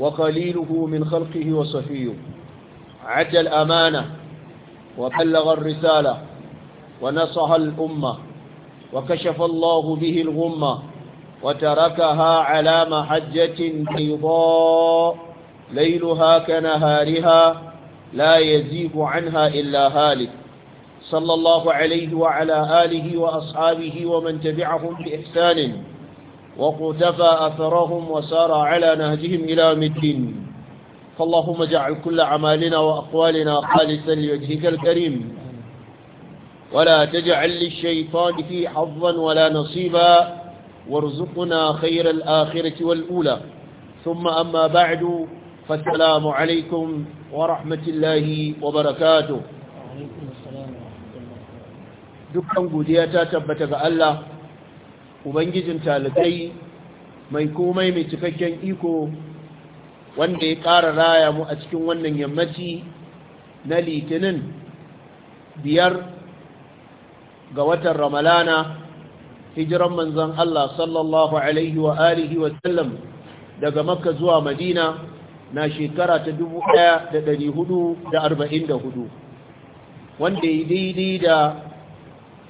وقليله من خلقه وصفيه عتى الأمانة وبلغ الرسالة ونصح الأمة وكشف الله به الغمة وتركها على محجة بيضاء ليلها كنهارها لا يزيغ عنها إلا هالك صلى الله عليه وعلى آله وأصحابه ومن تبعهم بإحسان وقتفى أثرهم وسار على نهجهم إلى مدين فاللهم اجعل كل عمالنا وأقوالنا خالصا لوجهك الكريم ولا تجعل للشيطان في حظا ولا نصيبا وارزقنا خير الآخرة والأولى ثم أما بعد فالسلام عليكم ورحمة الله وبركاته دكتور قدياتا تبتغى الله ubangijin talibai mai komai mai cikakken iko wanda ya ƙara raya mu a cikin wannan yammaci na litinin biyar ga watan ramalana hijiran manzan Allah sallallahu alaihi wa alihi wa sallam daga makka zuwa madina na shekara ta 1444 wanda ya daidai da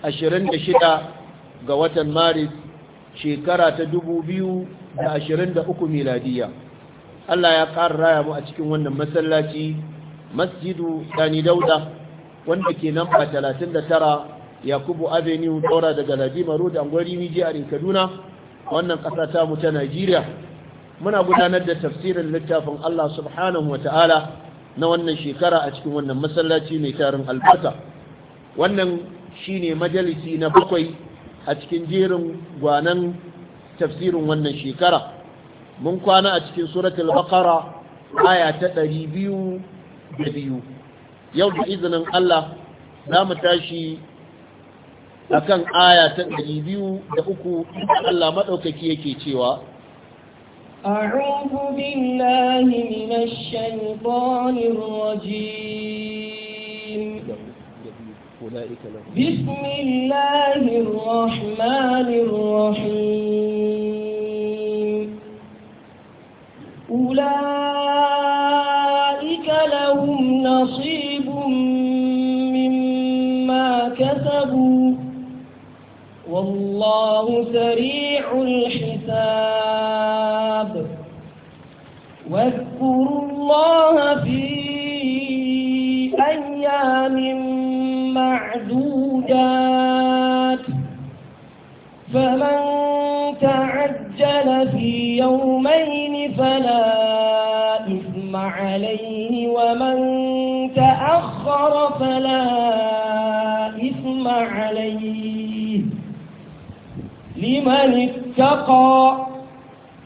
26 ga watan maris shekara ta 2023 miladiya Allah ya ƙara raya mu a cikin wannan masallaci masjidu dani Dauda wanda ke nan ba 39 Yakubu Avenue tsora daga Ladima Road Angwari Miji a Kaduna wannan ƙasa ta mu ta Najeriya muna gudanar da tafsirin littafin Allah subhanahu wata'ala na wannan shekara a cikin wannan masallaci mai tarin albarka wannan shine majalisi na bakwai a cikin jerin gwanan tafsirin wannan shekara mun kwana a cikin suratul baqara aya ta ɗari biyu yau da izinin Allah za mu tashi akan aya ta ɗari biyu da uku Allah madaukaki yake cewa أعوذ بالله من الشيطان الرجيم أولئك لهم بسم الله الرحمن الرحيم أولئك لهم نصيب مما كسبوا والله سريع الحساب واذكروا الله في أيام الدرجات فمن تعجل في يومين فلا إثم عليه ومن تأخر فلا إثم عليه لمن اتقى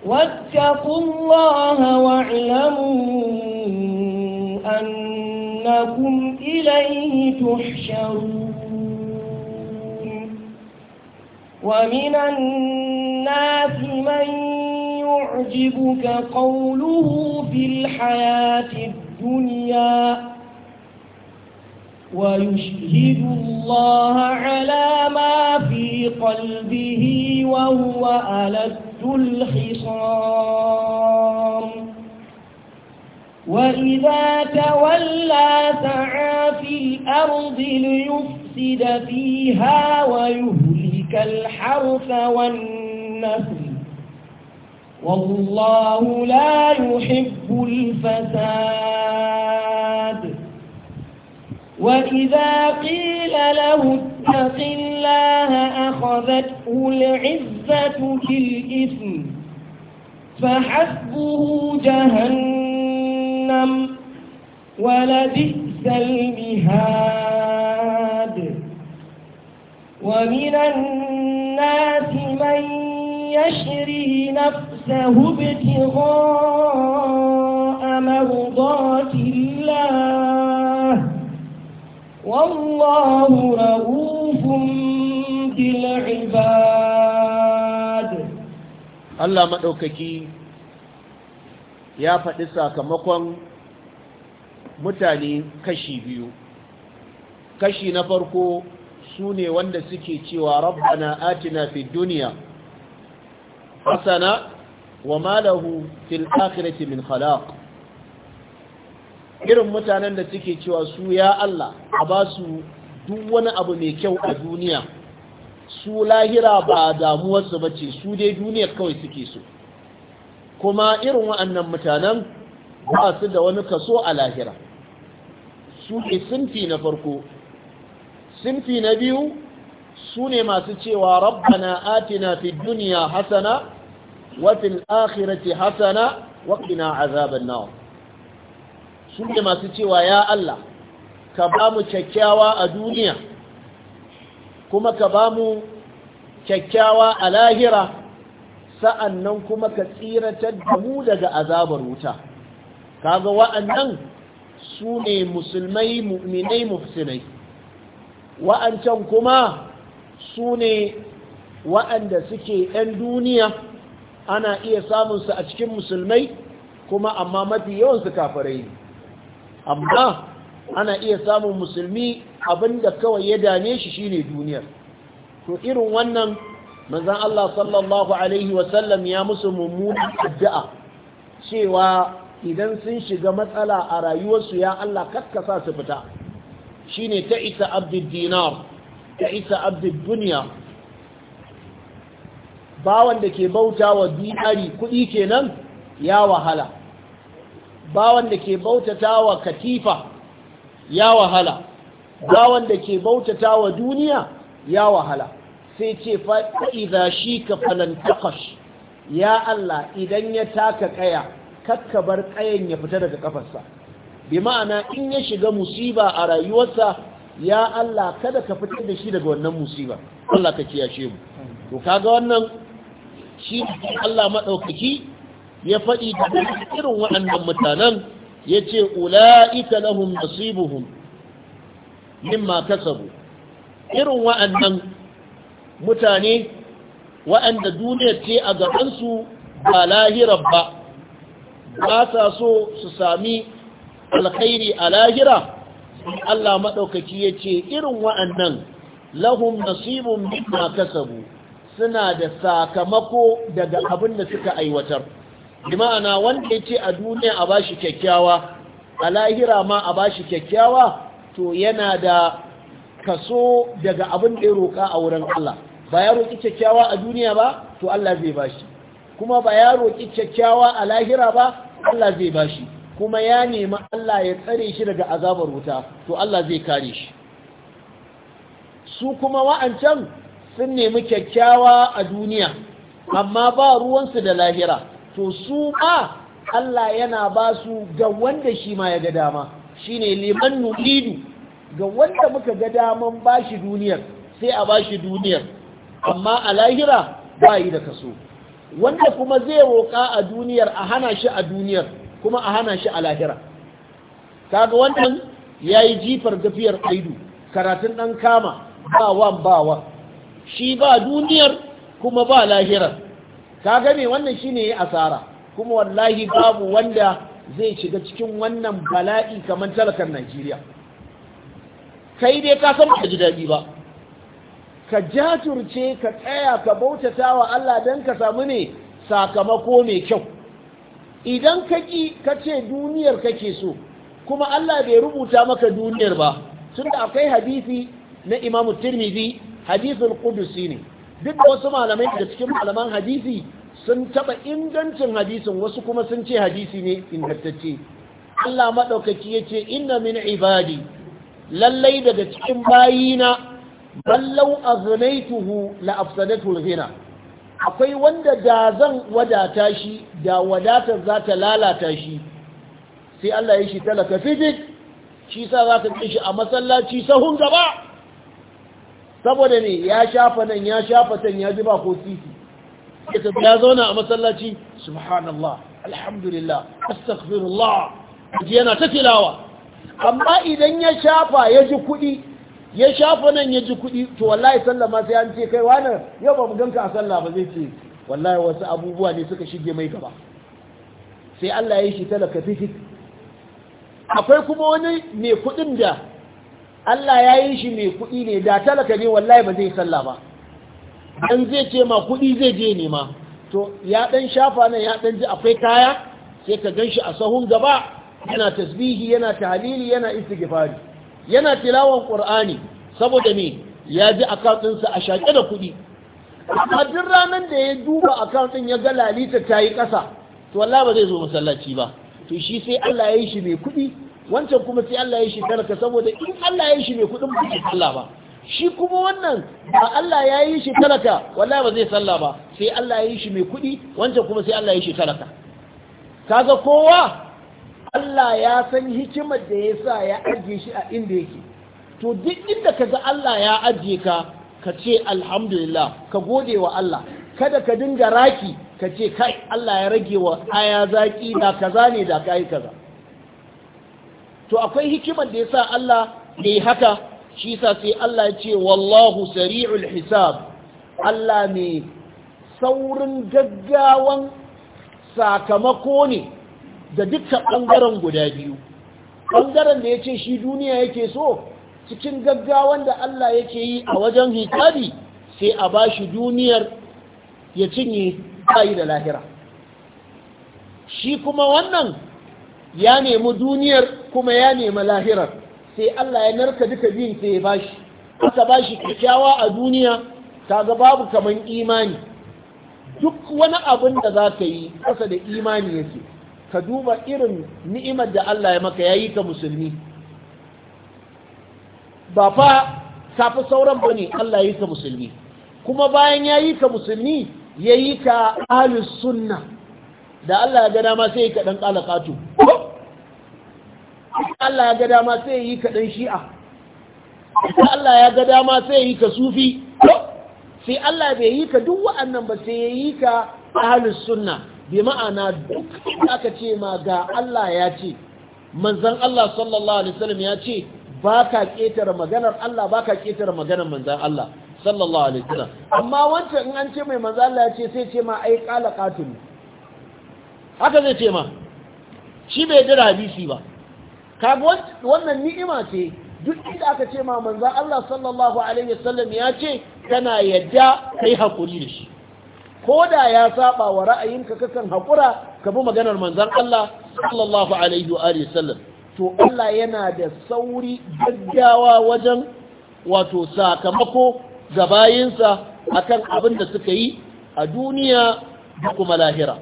واتقوا الله واعلموا أنكم إليه تحشرون ومن الناس من يعجبك قوله في الحياة الدنيا ويشهد الله على ما في قلبه وهو ألد الخصام وإذا تولى سعى في الأرض ليفسد فيها ويهلك كالحرث والنسل والله لا يحب الفساد وإذا قيل له اتق الله أخذته العزة الإثم فحسبه جهنم ولبئس المهاد ومن الناس من يشري نفسه ابتغاء مرضات الله والله رؤوف بالعباد الله مدوككي ya faɗi sakamakon mutane kashi biyu kashi na farko su ne wanda suke cewa rabbana atina fi duniya hasana wa malahu fil akhirati min khalaq irin mutanen da suke cewa su ya Allah a ba su duk wani abu mai kyau a duniya su lahira ba damuwarsu ba ce su dai duniya kawai suke so kuma irin wa'annan mutanen ba su da wani kaso a lahira su ke sunfi na farko sinfi na biyu su ne masu cewa rabbana atina fi duniya hasana wa fil akhirati hasana wa qina azaban nar su ne masu cewa ya Allah ka ba mu kyakkyawa a duniya kuma ka ba mu kyakkyawa a lahira sa'annan kuma ka tsiratar da mu daga azabar wuta kaga wa'annan su ne musulmai mu'minai muhsinai wa'ancan kuma su ne wa'anda suke 'yan duniya ana iya su a cikin musulmai kuma amma mafi yawansu kafirai amma ana iya samun musulmi abinda kawai ya dame shi shine duniyar to irin wannan manzan Allah sallallahu alaihi wasallam ya musu mummunan addu'a cewa idan sun shiga matsala a rayuwarsu ya Allah kakkasa su fita shine ta isa abdul dinar ta isa abdul duniya bawan da ke bauta wa dinari kudi kenan ya wahala bawan da ke bautata wa katifa ya wahala bawan da ke bautata wa duniya ya wahala sai ce fa'iza shi ka falantakash ya Allah idan ya taka kaya kakkabar kayan ya fita daga kafarsa bi ma'ana in ya shiga musiba a rayuwarsa ya Allah kada ka fitar da shi daga wannan musiba Allah ka kiyashe mu to kaga wannan shi Allah madaukaki ya faɗi da irin waɗannan mutanen yace ulaika lahum nasibuhum mimma kasabu irin waɗannan mutane waɗanda duniyar ce a gabansu ba lahirar ba ba sa so su sami alkhairi a lahira Allah maɗaukaki ya ce irin wa'annan lahum nasibun mimma kasabu suna da sakamako daga abin da suka aiwatar bi wanda ya ce a duniya a bashi kyakkyawa a lahira ma a bashi kyakkyawa to yana da kaso daga abin da ya roƙa a wurin Allah ba ya roƙi kyakkyawa a duniya ba to Allah zai bashi kuma ba ya roƙi kyakkyawa a lahira ba Allah zai bashi kuma ya nemi Allah ya tsare shi daga azabar wuta to Allah zai kare shi su kuma wa'ancan sun nemi kyakkyawa a duniya amma ba ruwansu da lahira to su ma Allah yana ba su ga wanda shi ma ya ga dama Shi shine liman nulidu ga wanda muka ga daman ba shi duniyar sai a ba shi duniyar amma a lahira ba yi da kaso wanda kuma zai roƙa a duniyar a hana shi a duniyar kuma a hana shi a lahira kaga wannan ya yi jifar gafiyar aidu karatun ɗan kama ba wan ba wan shi ba duniyar kuma ba lahirar kaga me wannan shi ne asara kuma wallahi babu wanda zai shiga cikin wannan bala'i kamar talakar najeriya kai dai ka san ba ji daɗi ba ka jaturce ka tsaya ka bautata wa allah don ka samu ne sakamako mai kyau idan ka ƙi ka ce duniyar kake so kuma Allah bai rubuta maka duniyar ba tun da akwai hadisi na imam tirmidhi hadisul qudusi ne duk wasu malamai da cikin malaman hadisi sun taɓa ingancin hadisin wasu kuma sun ce hadisi ne ingantacce Allah madaukaki yace inna min ibadi lallai daga cikin bayina ballau aznaituhu la afsadatu ghina akwai wanda da zan wadata shi da wadatar za ta lalata shi sai Allah ya shi talaka fitik shi sa za kai shi a masallaci sahun gaba saboda ne ya shafa nan ya shafa tan ya ji ba ko titi ya zauna a masallaci subhanallah alhamdulillah astaghfirullah yana ta tilawa amma idan ya shafa ya ji kuɗi ya shafa nan ya ji kuɗi to wallahi sallah ma sai an ce kai wani yau ba mu ganka a sallah ba zai ce wallahi wasu abubuwa ne suka shige mai gaba sai Allah ya yi shi talaka fitik akwai kuma wani mai kuɗin da Allah ya yi shi mai kuɗi ne da talaka ne wallahi ba zai sallah ba dan zai ce ma kuɗi zai je ne ma. to ya dan shafa nan ya dan ji akwai kaya sai ka gan shi a sahun gaba yana tasbihi yana tahlili yana istighfari yana tilawan qur'ani saboda me ya ji account a shaƙe da kuɗi a duk ranar da ya duba account ya ga lalita ta yi ƙasa to wallahi ba zai zo masallaci ba to shi sai Allah ya yi shi mai kuɗi wancan kuma sai Allah ya yi shi talaka saboda in Allah ya yi shi mai kuɗin ba zai sallah ba shi kuma wannan ba Allah ya yi shi talaka wallahi ba zai sallah ba sai Allah ya yi shi mai kuɗi wancan kuma sai Allah ya yi shi talaka kaga kowa Allah ya san hikimar da ya sa ya ajiye shi a inda yake to duk inda ka ga Allah ya ajiye ka ka ce alhamdulillah ka gode wa Allah kada ka dinga raki ka ce kai Allah ya rage wa aya zaki da kaza ne da kai kaza to akwai hikimar da ya sa Allah yi haka shi sa sai Allah ya ce wallahu sari'ul hisab Allah ne saurin gaggawan sakamako ne da dukkan ɓangaren guda biyu ɓangaren da ya ce shi duniya yake so cikin gaggawan da Allah yake yi a wajen hikari sai a ba shi duniyar ya cinye bayi da lahira shi kuma wannan ya nemi duniyar kuma ya nemi lahirar sai Allah ya narka duka biyun sai ya ba shi aka ba shi kyakkyawa a duniya ta babu kamar imani duk wani abin da za ka yi ƙasa da imani yake ka duba irin ni'imar da Allah ya maka yayi ka musulmi ba fa kafi sauran bane Allah ya yi ka musulmi kuma bayan yayi ka musulmi yayi ka ahlus sunna da Allah ya ga dama sai ka dan kalakatu Allah ya ga dama sai yi ka dan shi'a Allah ya ga dama sai yi ka sufi sai Allah bai yi ka duk wa'annan ba sai yayi ka ahlus sunna bi ma'ana duk aka ce ma ga Allah ya ce manzan Allah sallallahu alaihi wasallam ya ce ba ka ƙetare maganar Allah ba ka ƙetare maganar manzan Allah sallallahu alaihi wasallam amma wancan in an ce mai manzan Allah ya ce sai ce ma ai qala qatil haka zai ce ma shi bai jira hadisi ba kaga wannan ni'ima ce duk inda aka ce ma manzan Allah sallallahu alaihi wasallam ya ce kana yadda kai hakuri da shi ko da ya saba wa ra'ayinka kakan haƙura ka bi maganar manzan Allah sallallahu alaihi wa sallam to Allah yana da sauri gaggawa wajen wato sakamako ga bayinsa akan abin da suka yi a duniya da kuma lahira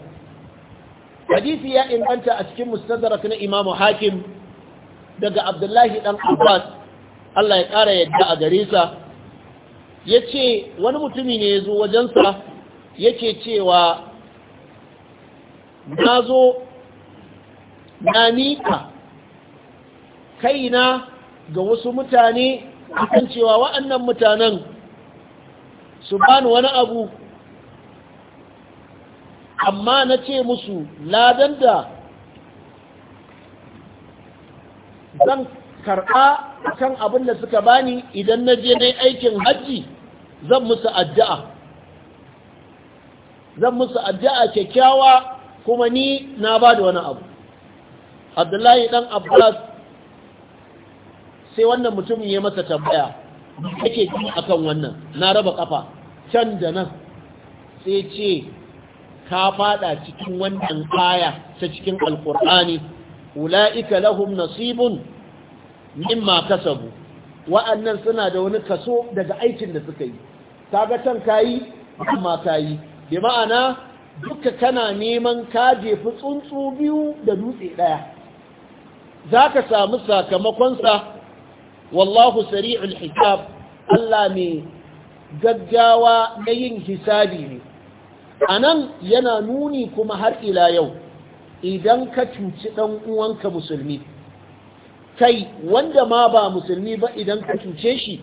hadisi ya inganta a cikin mustadrak na Imam Hakim daga Abdullahi dan Abbas Allah ya ƙara yadda a gare sa yace wani mutumi ne ya zo wajensa yake cewa na zo na miƙa kaina ga wasu mutane akan cewa wa'annan mutanen su bani wani abu amma na ce musu ladan da zan karɓa kan abin da suka bani idan na je na aikin hajji zan musu addu'a zan musu addu'a kyakkyawa kuma ni na ba da wani abu abdullahi dan abbas sai wannan mutumin ya masa tambaya kake ji akan wannan na raba kafa can da nan sai ce ka fada cikin wannan aya ta cikin alkur'ani ula'ika lahum nasibun mimma kasabu wa'annan suna da wani kaso daga aikin da suka yi kaga can kayi amma kayi bi ma'ana duka kana neman kaje fi tsuntsu biyu da dutse ɗaya za ka samu sakamakonsa wallahu sari'ul hisab Allah mai gaggawa na yin hisabi ne a nan yana nuni kuma har ila yau idan ka cuci ɗan uwanka musulmi kai wanda ma ba musulmi ba idan ka cuce shi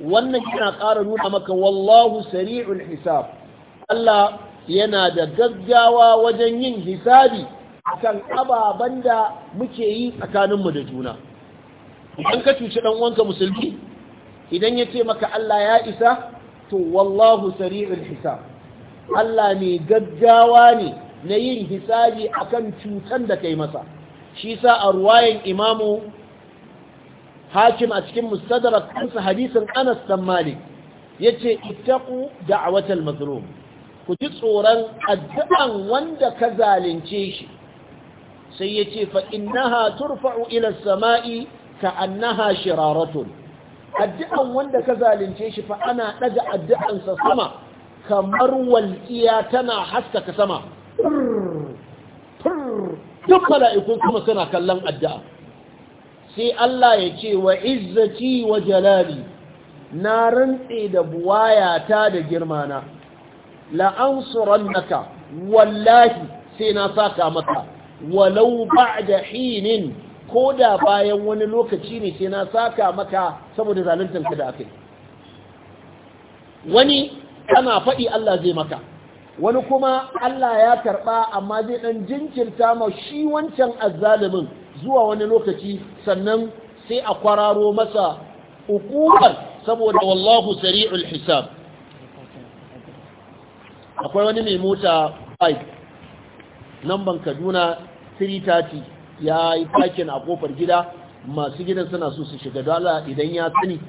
wannan yana ƙara nuna maka wallahu sari'ul hisab Allah yana da gaggawa wajen yin hisabi akan ababen da muke yi tsakaninmu da juna idan ka cuci ɗan uwanka musulmi idan ya ce maka Allah ya isa to wallahu sari'ul hisab Allah ne gaggawa ne na yin hisabi akan cutan da kai masa shi sa a ruwayan imamu hakim a cikin mustadrak kansa hadisin Anas dan Malik yace a watan mazlum ku ji tsoron addu'an wanda ka zalunce shi sai ya ce fa'innaha turfa'u ila sama'i ka annaha shiraratun addu'an wanda ka zalunce shi fa ana ɗaga addu'ansa sama kamar walƙiya tana haskaka sama duk mala'ikun kuma suna kallon addu'a sai Allah ya ce wa izzati wa jalali na rantse da buwayata da girmana la'ansurannaka wallahi sai na saka maka walau ba'da hinin ko da bayan wani lokaci ne sai na saka maka saboda zaluntar ka da akai wani kana faɗi Allah zai maka wani kuma Allah ya karɓa amma zai ɗan jinkirta ma shi wancan azzalumin zuwa wani lokaci sannan sai a kwararo masa hukumar saboda wallahu sari'ul hisab akwai wani mai mota 5 ban kaduna 330 ya yi fakin a kofar gida masu gidan suna so su shiga dala idan ya sani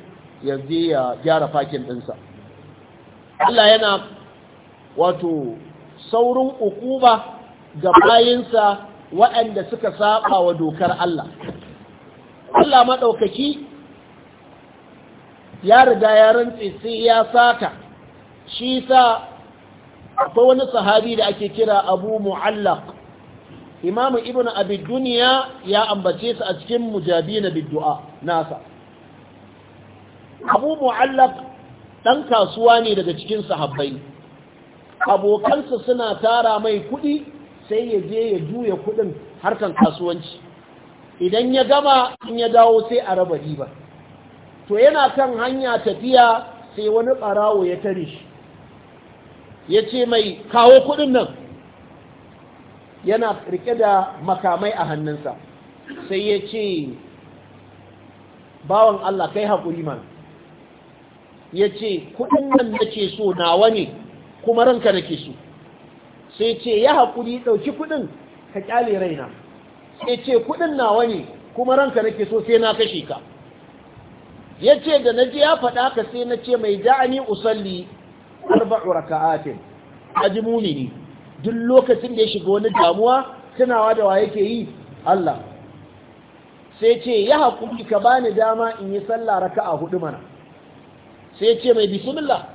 ya zai ya gyara fakin ɗinsa Allah yana wato saurin ukuba ga bayinsa waɗanda suka saba wa dokar Allah Allah maɗaukaki ya riga ya rantse sai ya sata shi sa akwai wani sahabi da ake kira abu mu'allaq imam ibn abi dunya ya ambace su a cikin mujabina biddu'a nasa abu mu'allaq dan kasuwa ne daga cikin sahabbai abokansa suna tara mai kuɗi sai ya je ya juya kuɗin harkan kasuwanci idan ya gama in ya dawo sai a raba riba to yana kan hanya tafiya sai wani ɓarawo ya tare shi ya ce mai kawo kudin nan yana rike da makamai a hannunsa sai ya ce bawan Allah kai haƙuri man ya ce kudin nan da ke so nawa ne kuma ranka da ke so sai ce ya haƙuri ɗauki kudin ka ƙyale raina sai ce kudin nawa ne kuma ranka da ke so sai na kashe ka ya ce da na ji ya faɗa ka sai na ce mai da'ani usalli arba'u raka'atin aji duk lokacin da ya shiga wani damuwa tunawa da wa yake yi Allah sai ce ya haƙuri ka bani dama in yi sallah raka'a hudu mana sai ce mai bismillah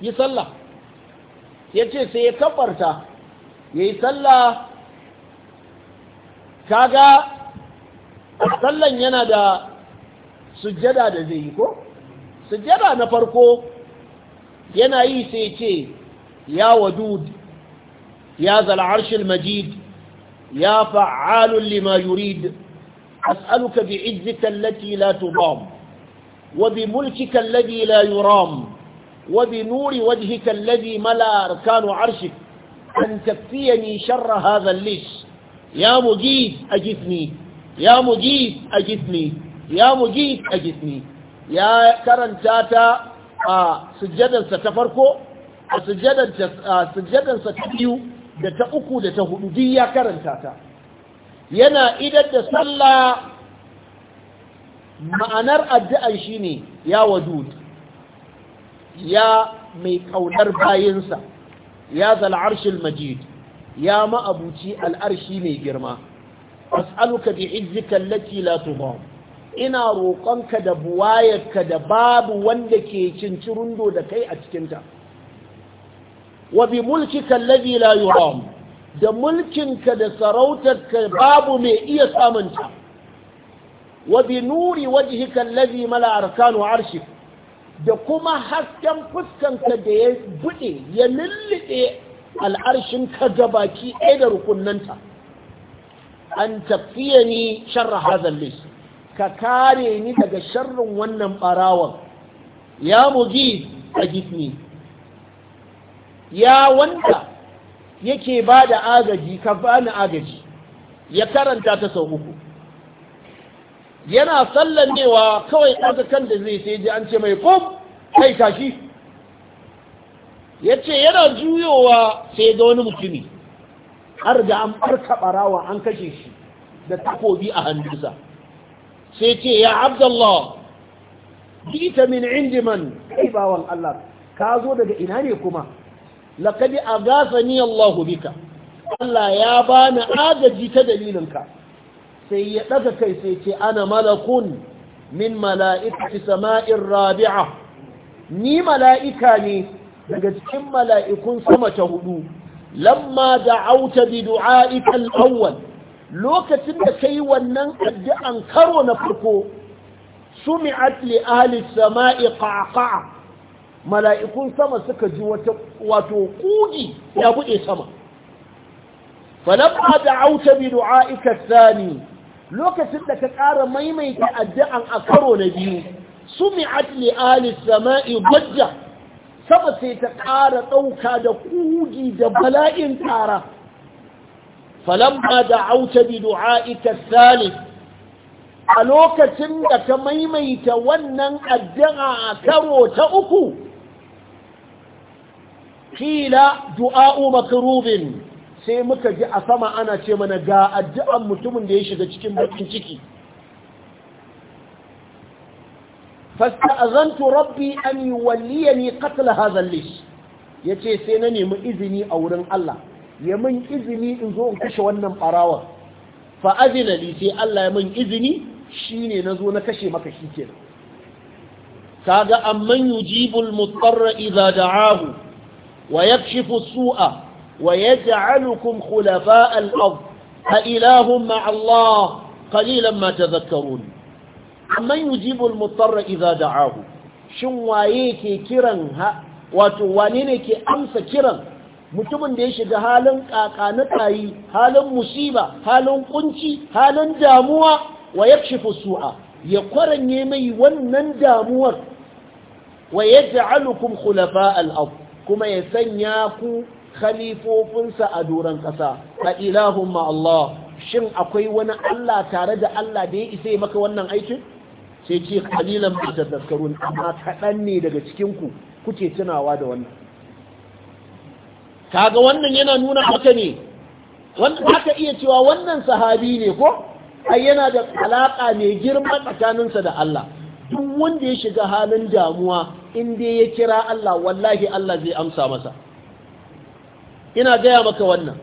yi sallah ya ce sai ya kabarta ya yi sallah kaga sallan yana da sujjada da zai yi ko sujjada na farko yana yi sai ce ya wadud ya zal arshil majid ya fa'alun lima yurid as'aluka bi izzika allati la tudam wa bi mulkika alladhi la yuram wa bi nuri wajhika alladhi mala arkanu arshik an takfiyani sharra hadha al-lish ya مجيد أجثني يا مجيد أجثني يا مجيد أجثني يا كرنتاتا a sujjadarsa ta farko a sujjadarsa ta biyu da ta uku da ta hudu duk ya karanta ta yana idan da sallah ma'anar addu'an shine ya wadud ya mai kaunar bayinsa ya zal'arshil majid ya ma'abuci al'arshi mai girma as'aluka bi'izzika allati la tudam ina roƙonka da buwayarka da babu wanda ke cincirundo da kai a cikinta wa bi mulkika allazi la yuram da mulkinka da sarautarka babu mai iya samunta wa bi nuri wajhika allazi mala arkanu arshik da kuma hasken fuskanka da ya bude ya lullube al'arshin ka gabaki ɗaya da rukunnanta an tafiya ni sharra hazan list ka kare ni daga sharrin wannan barawon, ya mugi a gifni ya wanda yake ba da agaji ka bani agaji ya karanta ta sau uku yana tsallanewa kawai ɗaga kan da zai sai ji an ce mai kum kai tashi ya ce yana juyowa sai ga wani mutumi har da an farka ɓarawa an kashe shi da takobi a hannunsa sai ce ya abdallah jita min indi man kai bawan Allah ka zo daga ina ne kuma laqad aghasani allahu bika Allah ya bani agaji ta dalilinka sai ya daga kai sai ce ana malakun min mala'ikati sama'ir rabi'a ni mala'ika ne daga cikin mala'ikun sama ta hudu lamma da'auta bi du'a'ika awwal lokacin da kai wannan addu'an karo na farko sumi'at li ahli sama'i qaqa'a mala'ikun sama suka ji wato kugi ya bude sama falamma Auta bi du'a'ika Sani, lokacin da ka ƙara maimaita addu'an a karo na biyu sumi'at li ahli sama'i bajja sama sai ta ƙara ɗauka da kugi da bala'in tara falamma da'auta bi du'aika thalith a lokacin da ka maimaita wannan addu'a a karo ta uku kila du'a'u makrubin sai muka ji a sama ana ce mana ga addu'an mutumin da ya shiga cikin bakin ciki fasta'azantu rabbi an yuwalliyani qatl hadha al-lish yace sai na nemi izini a wurin Allah ya min izini in zo in kashe wannan ɓarawon. fa azina li sai Allah ya min izini shine nazo na kashe maka shikenan kaga amman yujibul mutarra idza da'ahu wa yakshifu su'a wa yaj'alukum khulafa'a al-ard a ilahum ma Allah qalilan ma tadhakkarun amman yujibul mutarra idza da'ahu shin waye ke kiran ha wato wane ne ke amsa kiran mutumin da ya shiga halin kakanatayi halin musiba halin ƙunci, halin damuwa wa yakshifu su'a ya kwaranye mai wannan damuwar wa yaj'alukum khulafa kulafa ard kuma ya sanya ku khalifofinsa a doron ƙasa a ilahun Allah shin akwai wani Allah tare da Allah da ya isa maka wannan aikin sai ce kalilan ba ta amma kaɗan ne daga cikinku kuke tunawa da wannan kaga wannan yana nuna haka ne wanda aka iya cewa wannan sahabi ne ko ai yana da alaka mai girma tsakaninsa da Allah duk wanda ya shiga halin damuwa in dai ya kira Allah wallahi Allah zai amsa masa ina gaya maka wannan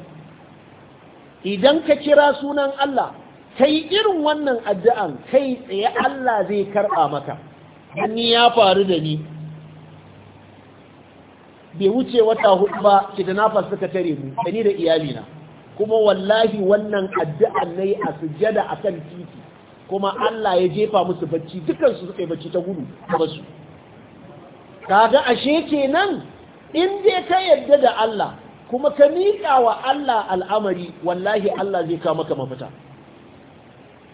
idan ka kira sunan Allah kai irin wannan addu'an kai tsaye Allah zai karɓa maka ni ya faru da ni bai wuce wata hudu ba kidnappers suka tare mu da ni da iyalina kuma wallahi wannan addu'a nayi a sujjada akan titi kuma Allah ya jefa musu bacci dukansu suka yi bacci ta gudu ba su kaga ashe kenan in dai ka yadda da Allah kuma ka miƙawa wa Allah al'amari wallahi Allah zai kawo maka mafita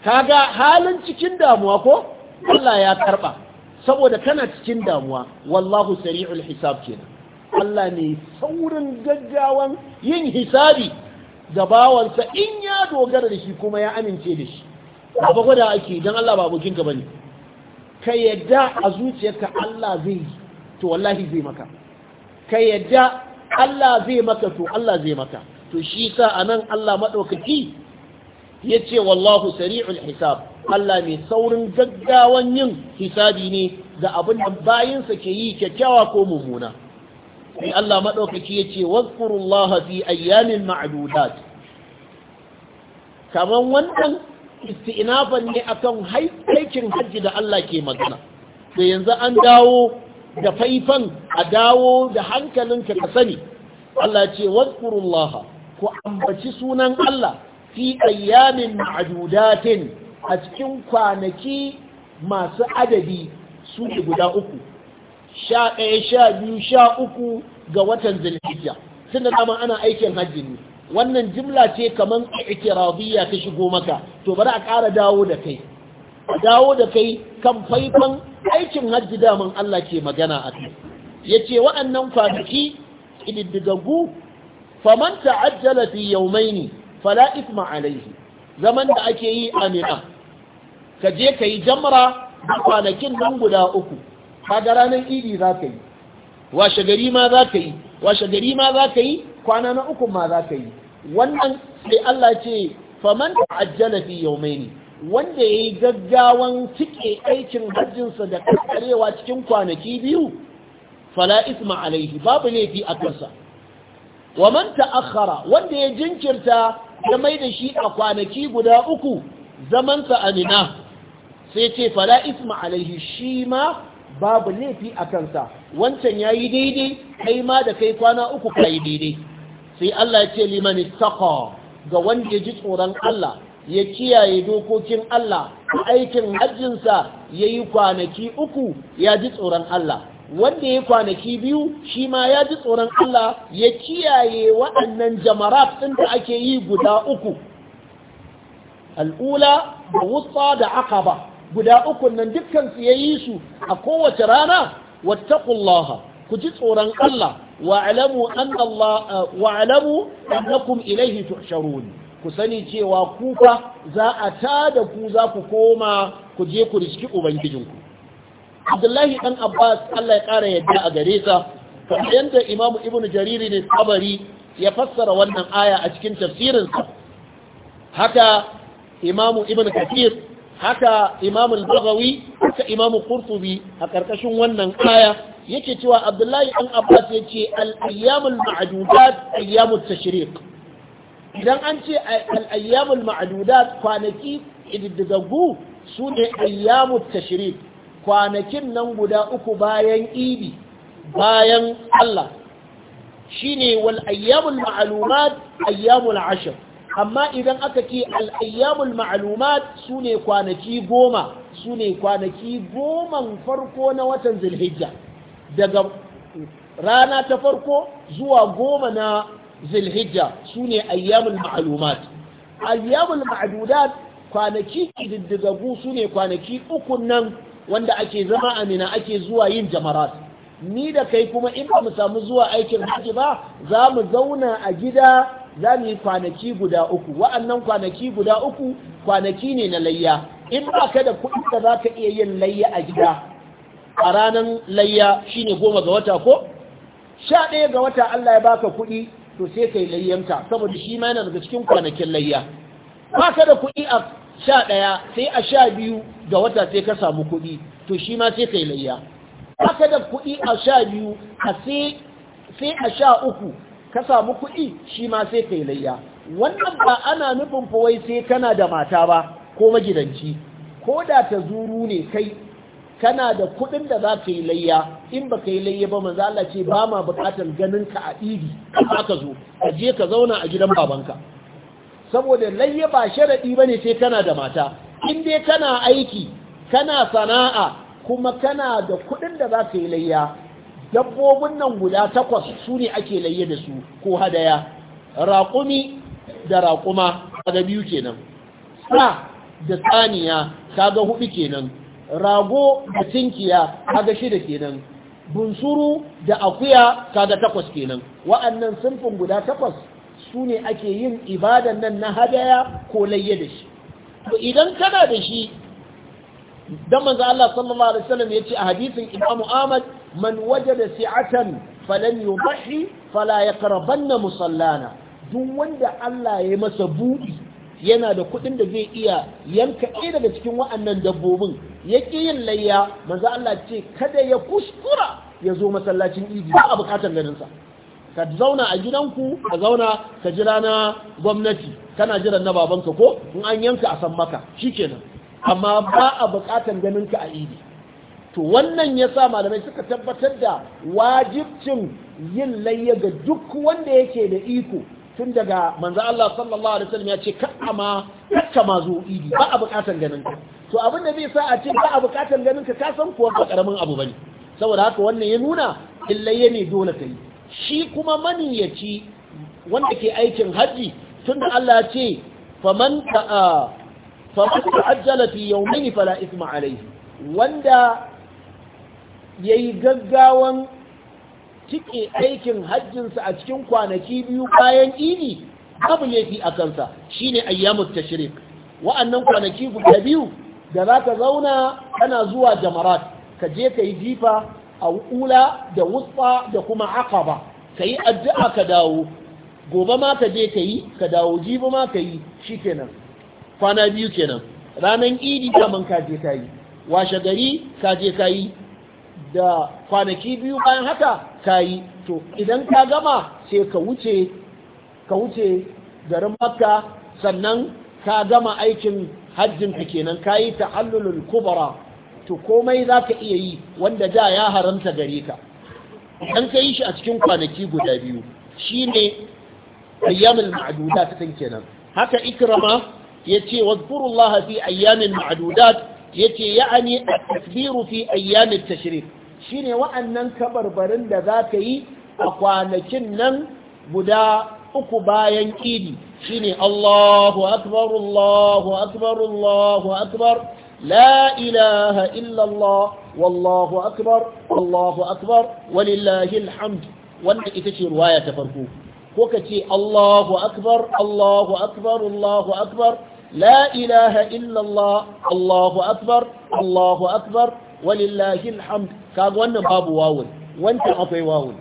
kaga halin cikin damuwa ko Allah ya karba saboda kana cikin damuwa wallahu sari'ul hisab kenan Allah ne saurin gaggawan yin hisabi ga bawansa in ya dogara da shi kuma ya amince da shi ba gwada ake don Allah ba abokinka ba ne ka yadda a zuciyarka Allah zai yi to wallahi zai maka ka yadda Allah zai maka to Allah zai maka to shi sa anan Allah madaukaki yace wallahu sari'ul hisab Allah mai saurin gaggawan yin hisabi ne da abin da bayinsa ke yi kyakkyawa ko mummuna sai Allah maɗaukaki ya ce wazkurullaha fi ayyamin ma'adudat kamar wannan isti'nafan ne akan haikin hajji da Allah ke magana da yanzu an dawo da faifan a dawo da hankalinka ka sani Allah ce wazkurullaha ku ambaci sunan Allah fi ayyamin ma'adudatin a cikin kwanaki masu adadi su guda uku sha ɗaya sha biyu sha uku ga watan zulhijja tun da dama ana aikin hajji ne wannan jimla ce kamar rabiya ta shigo maka to bari a ƙara dawo da kai A dawo da kai kan faifan aikin hajji daman Allah ke magana a kai ya ce wa'annan kwanaki ƙididdigaggu faman ta'ajjala fi yawmaini fala isma alaihi zaman da ake yi amina ka je ka yi jamra da kwanakin nan guda uku kaga ranar idi za ka yi washe gari ma za ka yi washe gari ma za ka yi kwana na uku ma za ka yi wannan sai Allah ce faman ta'ajjala fi yawmaini wanda yayi gaggawan cike aikin hajjinsa da karewa cikin kwanaki biyu fala isma alaihi babu laifi a kansa wa man ta'akhkhara wanda ya jinkirta ya mai da shi a kwanaki guda uku zamansa amina sai ce fala isma alaihi shi ma babu laifi a kansa wancan ya yi daidai kai ma da kai kwana uku ka yi daidai sai Allah ya ce liman saka. ga wanda ya ji tsoron Allah ya kiyaye dokokin Allah aikin hajjinsa ya yi kwanaki uku ya ji tsoron Allah wanda ya kwanaki biyu shi ma ya ji tsoron Allah ya kiyaye waɗannan jamarat ɗin da ake yi guda uku al'ula da wutsa da ba. guda uku nan dukkan su yi su a kowace rana wattaqullaha ku ji tsoron Allah wa alamu anna Allah eh, wa alamu annakum ilayhi tuhsharun ku sani cewa fa za a ta da ku za ku koma ku je ku riski ubangijinku abdullahi dan abbas allah ya kara yadda a gare sa kamar yadda Imam ibnu jariri ne tabari ya fassara wannan aya a cikin tafsirinsa haka Imam ibnu kafir haka imam al-baghawi haka imam qurtubi a karkashin wannan aya yake cewa abdullahi dan abbas yace al-ayyam al-ma'dudat ayyam madudat ayyam tashriq idan an ce al ayyamul al-ma'dudat kwanaki ididdigaggu su ne ayyam at-tashriq kwanakin nan guda uku bayan idi bayan Allah shine wal ayyamul malumat ayyam ashr amma idan aka ce al'ayyamul ma'alumat su ne kwanaki goma su ne kwanaki goman farko na watan zilhijja daga rana ta farko zuwa goma na zilhijja su ne ayyamul ma'alumat ayyamul ma'adudat kwanaki diddigagu su ne kwanaki ukun nan wanda ake zama amina ake zuwa yin jamarat ni da kai kuma in ba mu samu zuwa aikin haji ba za mu zauna a gida za mu yi kwanaki guda uku wa'annan kwanaki guda uku kwanaki ne na layya in ba ka da kuɗi da za ka iya yin layya a gida a ranar layya shi ne goma ga wata ko sha ɗaya ga wata Allah ya baka kuɗi to sai ka yi layyanta saboda shi ma yana daga cikin kwanakin layya ba ka da kuɗi a sha ɗaya sai a sha biyu ga wata sai ka samu kuɗi to shi ma sai ka yi layya ba ka da kuɗi a sha biyu a sai a sha uku ka samu kuɗi shi ma sai ka yi layya wannan ba ana nufin fawai sai kana da mata ba ko magidanci ko da ta zuru ne kai kana da kuɗin da za ka yi layya in ba ka yi layya ba maza Allah ce ba ma buƙatar ganin ka a idi ba ka zo ka je ka zauna a gidan babanka saboda layya ba sharaɗi ba ne sai kana da mata in dai kana aiki kana sana'a kuma kana da kuɗin da za ka yi layya dabbobin nan guda takwas su ne ake laye da su ko hadaya raƙumi da raƙuma ga biyu kenan sa da tsaniya kaga hudu kenan rago da tinkiya kaga shida kenan bunsuru da akuya kaga takwas kenan wa'annan sunfin guda takwas su ne ake yin ibadan nan na hadaya ko layye da shi idan kana da shi dan manzo Allah sallallahu alaihi wasallam yace a hadisin Imam Ahmad man wajada si'atan falan yudhi fala yaqrabanna musallana duk wanda Allah ya masa buɗi yana da kuɗin da zai iya yanka ɗaya daga cikin wa'annan dabbobin ya ƙi yin layya manzo Allah ce kada ya kuskura ya zo masallacin idi ba a buƙatar ganinsa ka zauna a gidanku ka zauna ka jira na gwamnati kana jiran na babanka ko in an yanka a san maka shikenan amma ba a buƙatar ganinka a idi to wannan ya sa malamai suka tabbatar da wajibcin yin layya ga duk wanda yake da iko tun daga manzo Allah sallallahu alaihi wasallam ya ce ka'ama ma zo idi ba a bukatar ganin ka to abin da zai sa a ce ba a bukatar ganin ka ka san kuwa ba karamin abu bane saboda haka wannan ya nuna illayya ne dole yi. shi kuma maniyaci wanda ke aikin haji tunda Allah ya ce faman ta'a faman ta'ajjala fi yawmin fala isma alayhi wanda ya yi gaggawan cike aikin hajjinsa a cikin kwanaki biyu bayan idi babu laifi a kansa shi ne ta tashrik wa'annan kwanaki guda biyu da za ka zauna kana zuwa jamarat ka je ka yi jifa a ula da wutsa da kuma ba. ka yi addu'a ka dawo gobe ma ka je ka yi ka dawo jibi ma ka yi shi kenan kwana biyu kenan ranar idi kamar ka je ka yi washe gari ka je ka yi da kwanaki biyu bayan haka ka yi to idan ka gama sai ka wuce ka wuce garin makka sannan ka gama aikin hajjin ka kenan ka yi ta'allulul kubra to komai za ka iya yi wanda da ya haramta gare ka idan ka yi shi a cikin kwanaki guda biyu shine ayyamul ma'dudat kenan haka ikrama yace wadhkurullaha fi ayyamin ma'dudat Yace ya'ani at-takbiru fi ayyami at-tashrik shine waɗannan kabarbarin da za ka yi a kwanakin nan guda uku bayan idi shine Allahu akbar Allahu akbar akbar la ilaha illa wallahu akbar Allahu akbar walillahil hamd wannan ita ce ruwaya ta farko ko ka ce akbar Allahu akbar akbar لا إله إلا الله الله أكبر الله أكبر ولله الحمد كاغوانا باب واول وانت أطي واول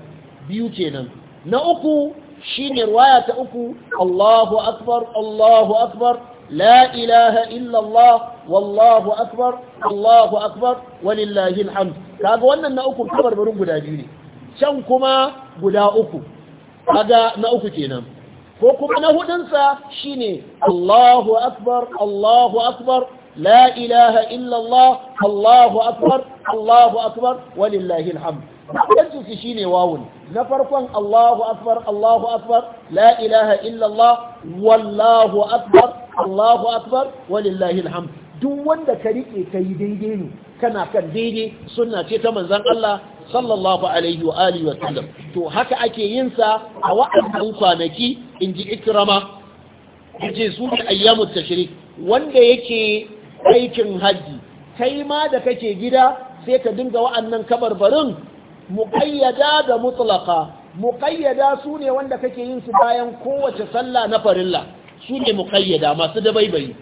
بيوتينا نأكو شين رواية أكو الله أكبر الله أكبر لا إله إلا الله والله أكبر الله أكبر ولله الحمد كاغوانا نأكو كبر برون قدا جيني شنكما قدا أكو هذا نأكو تينا ko kuma na hudunsa shine Allahu akbar Allahu akbar la ilaha illallah Allahu akbar Allahu akbar walillahi alhamd wajen su shine wawun na farkon Allahu akbar Allahu akbar la ilaha illallah wallahu akbar Allahu akbar walillahi alhamd duk wanda ka ka yi daidai ne kana kan daidai sunna ce ta manzon Allah sallallahu alaihi wa alihi wa sallam to haka ake yin sa a wa'annan kwanaki inji ikrama yace su ne ayyamu tashrik wanda yake aikin haji kai ma da kake gida sai ka dinga wa'annan kabarbarin muqayyada da mutlaqa muqayyada su ne wanda kake yin su bayan kowace sallah na farilla su ne muqayyada masu dabaibayi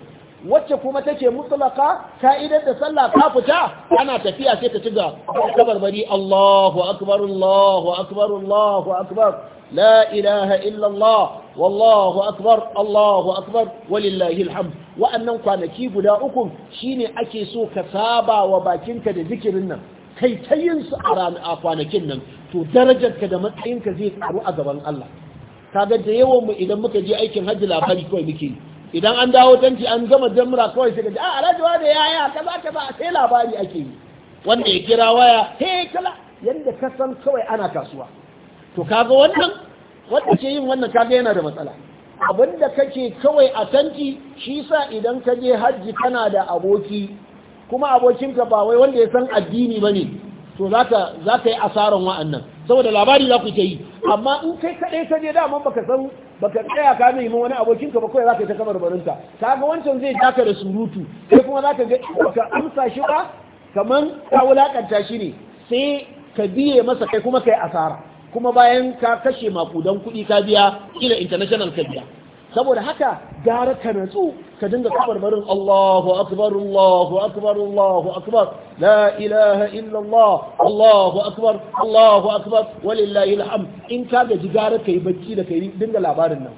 wacce kuma take mutlaka ta da sallah ta fita ana tafiya sai ta ci ga kabarbari Allahu akbar Allahu akbar Allahu akbar la ilaha illa Allah wallahu akbar Allahu akbar walillahi alhamd wa'annan kwanaki guda uku shine ake so ka saba wa bakinka da zikirin nan kai ta yin su a kwanakin nan to darajarka da matsayinka zai karu a gaban Allah kaga da yawan mu idan muka je aikin hajji labari kawai muke yi idan an dawo tanki an gama jamra kawai sai kaji a ah, alhaji wani ya ya kaza kaza sai labari ake yi wanda ya kira waya he kala Yadda ka san kawai ana kasuwa to kaga wannan wanda ke yin wannan kaga yana da matsala abinda kake kawai a tanki shi sa idan ka je hajji kana da aboki kuma abokinka ba wai wanda ya san addini bane to zaka zaka yi asaran wa'annan saboda labari za ku ta yi amma in kai kaɗai ka je daman baka san baka tsaya ka mai ma wani abokin ka ba kawai zaka yi ta kamar Ta kaga wancan zai taka da surutu sai kuma zaka ga baka amsa shi ba Kamar ka wulakanta shi ne sai ka biye masa kai kuma kai asara kuma bayan ka kashe makudan kuɗi ka biya kila international ka biya saboda haka gara ka natsu ka dinga kabarbarin Allahu akbar Allahu akbar Allahu akbar la ilaha illa Allah Allahu akbar Allahu akbar walillahi alhamd in ka gaji gara kai bacci da kai dinga labarin nan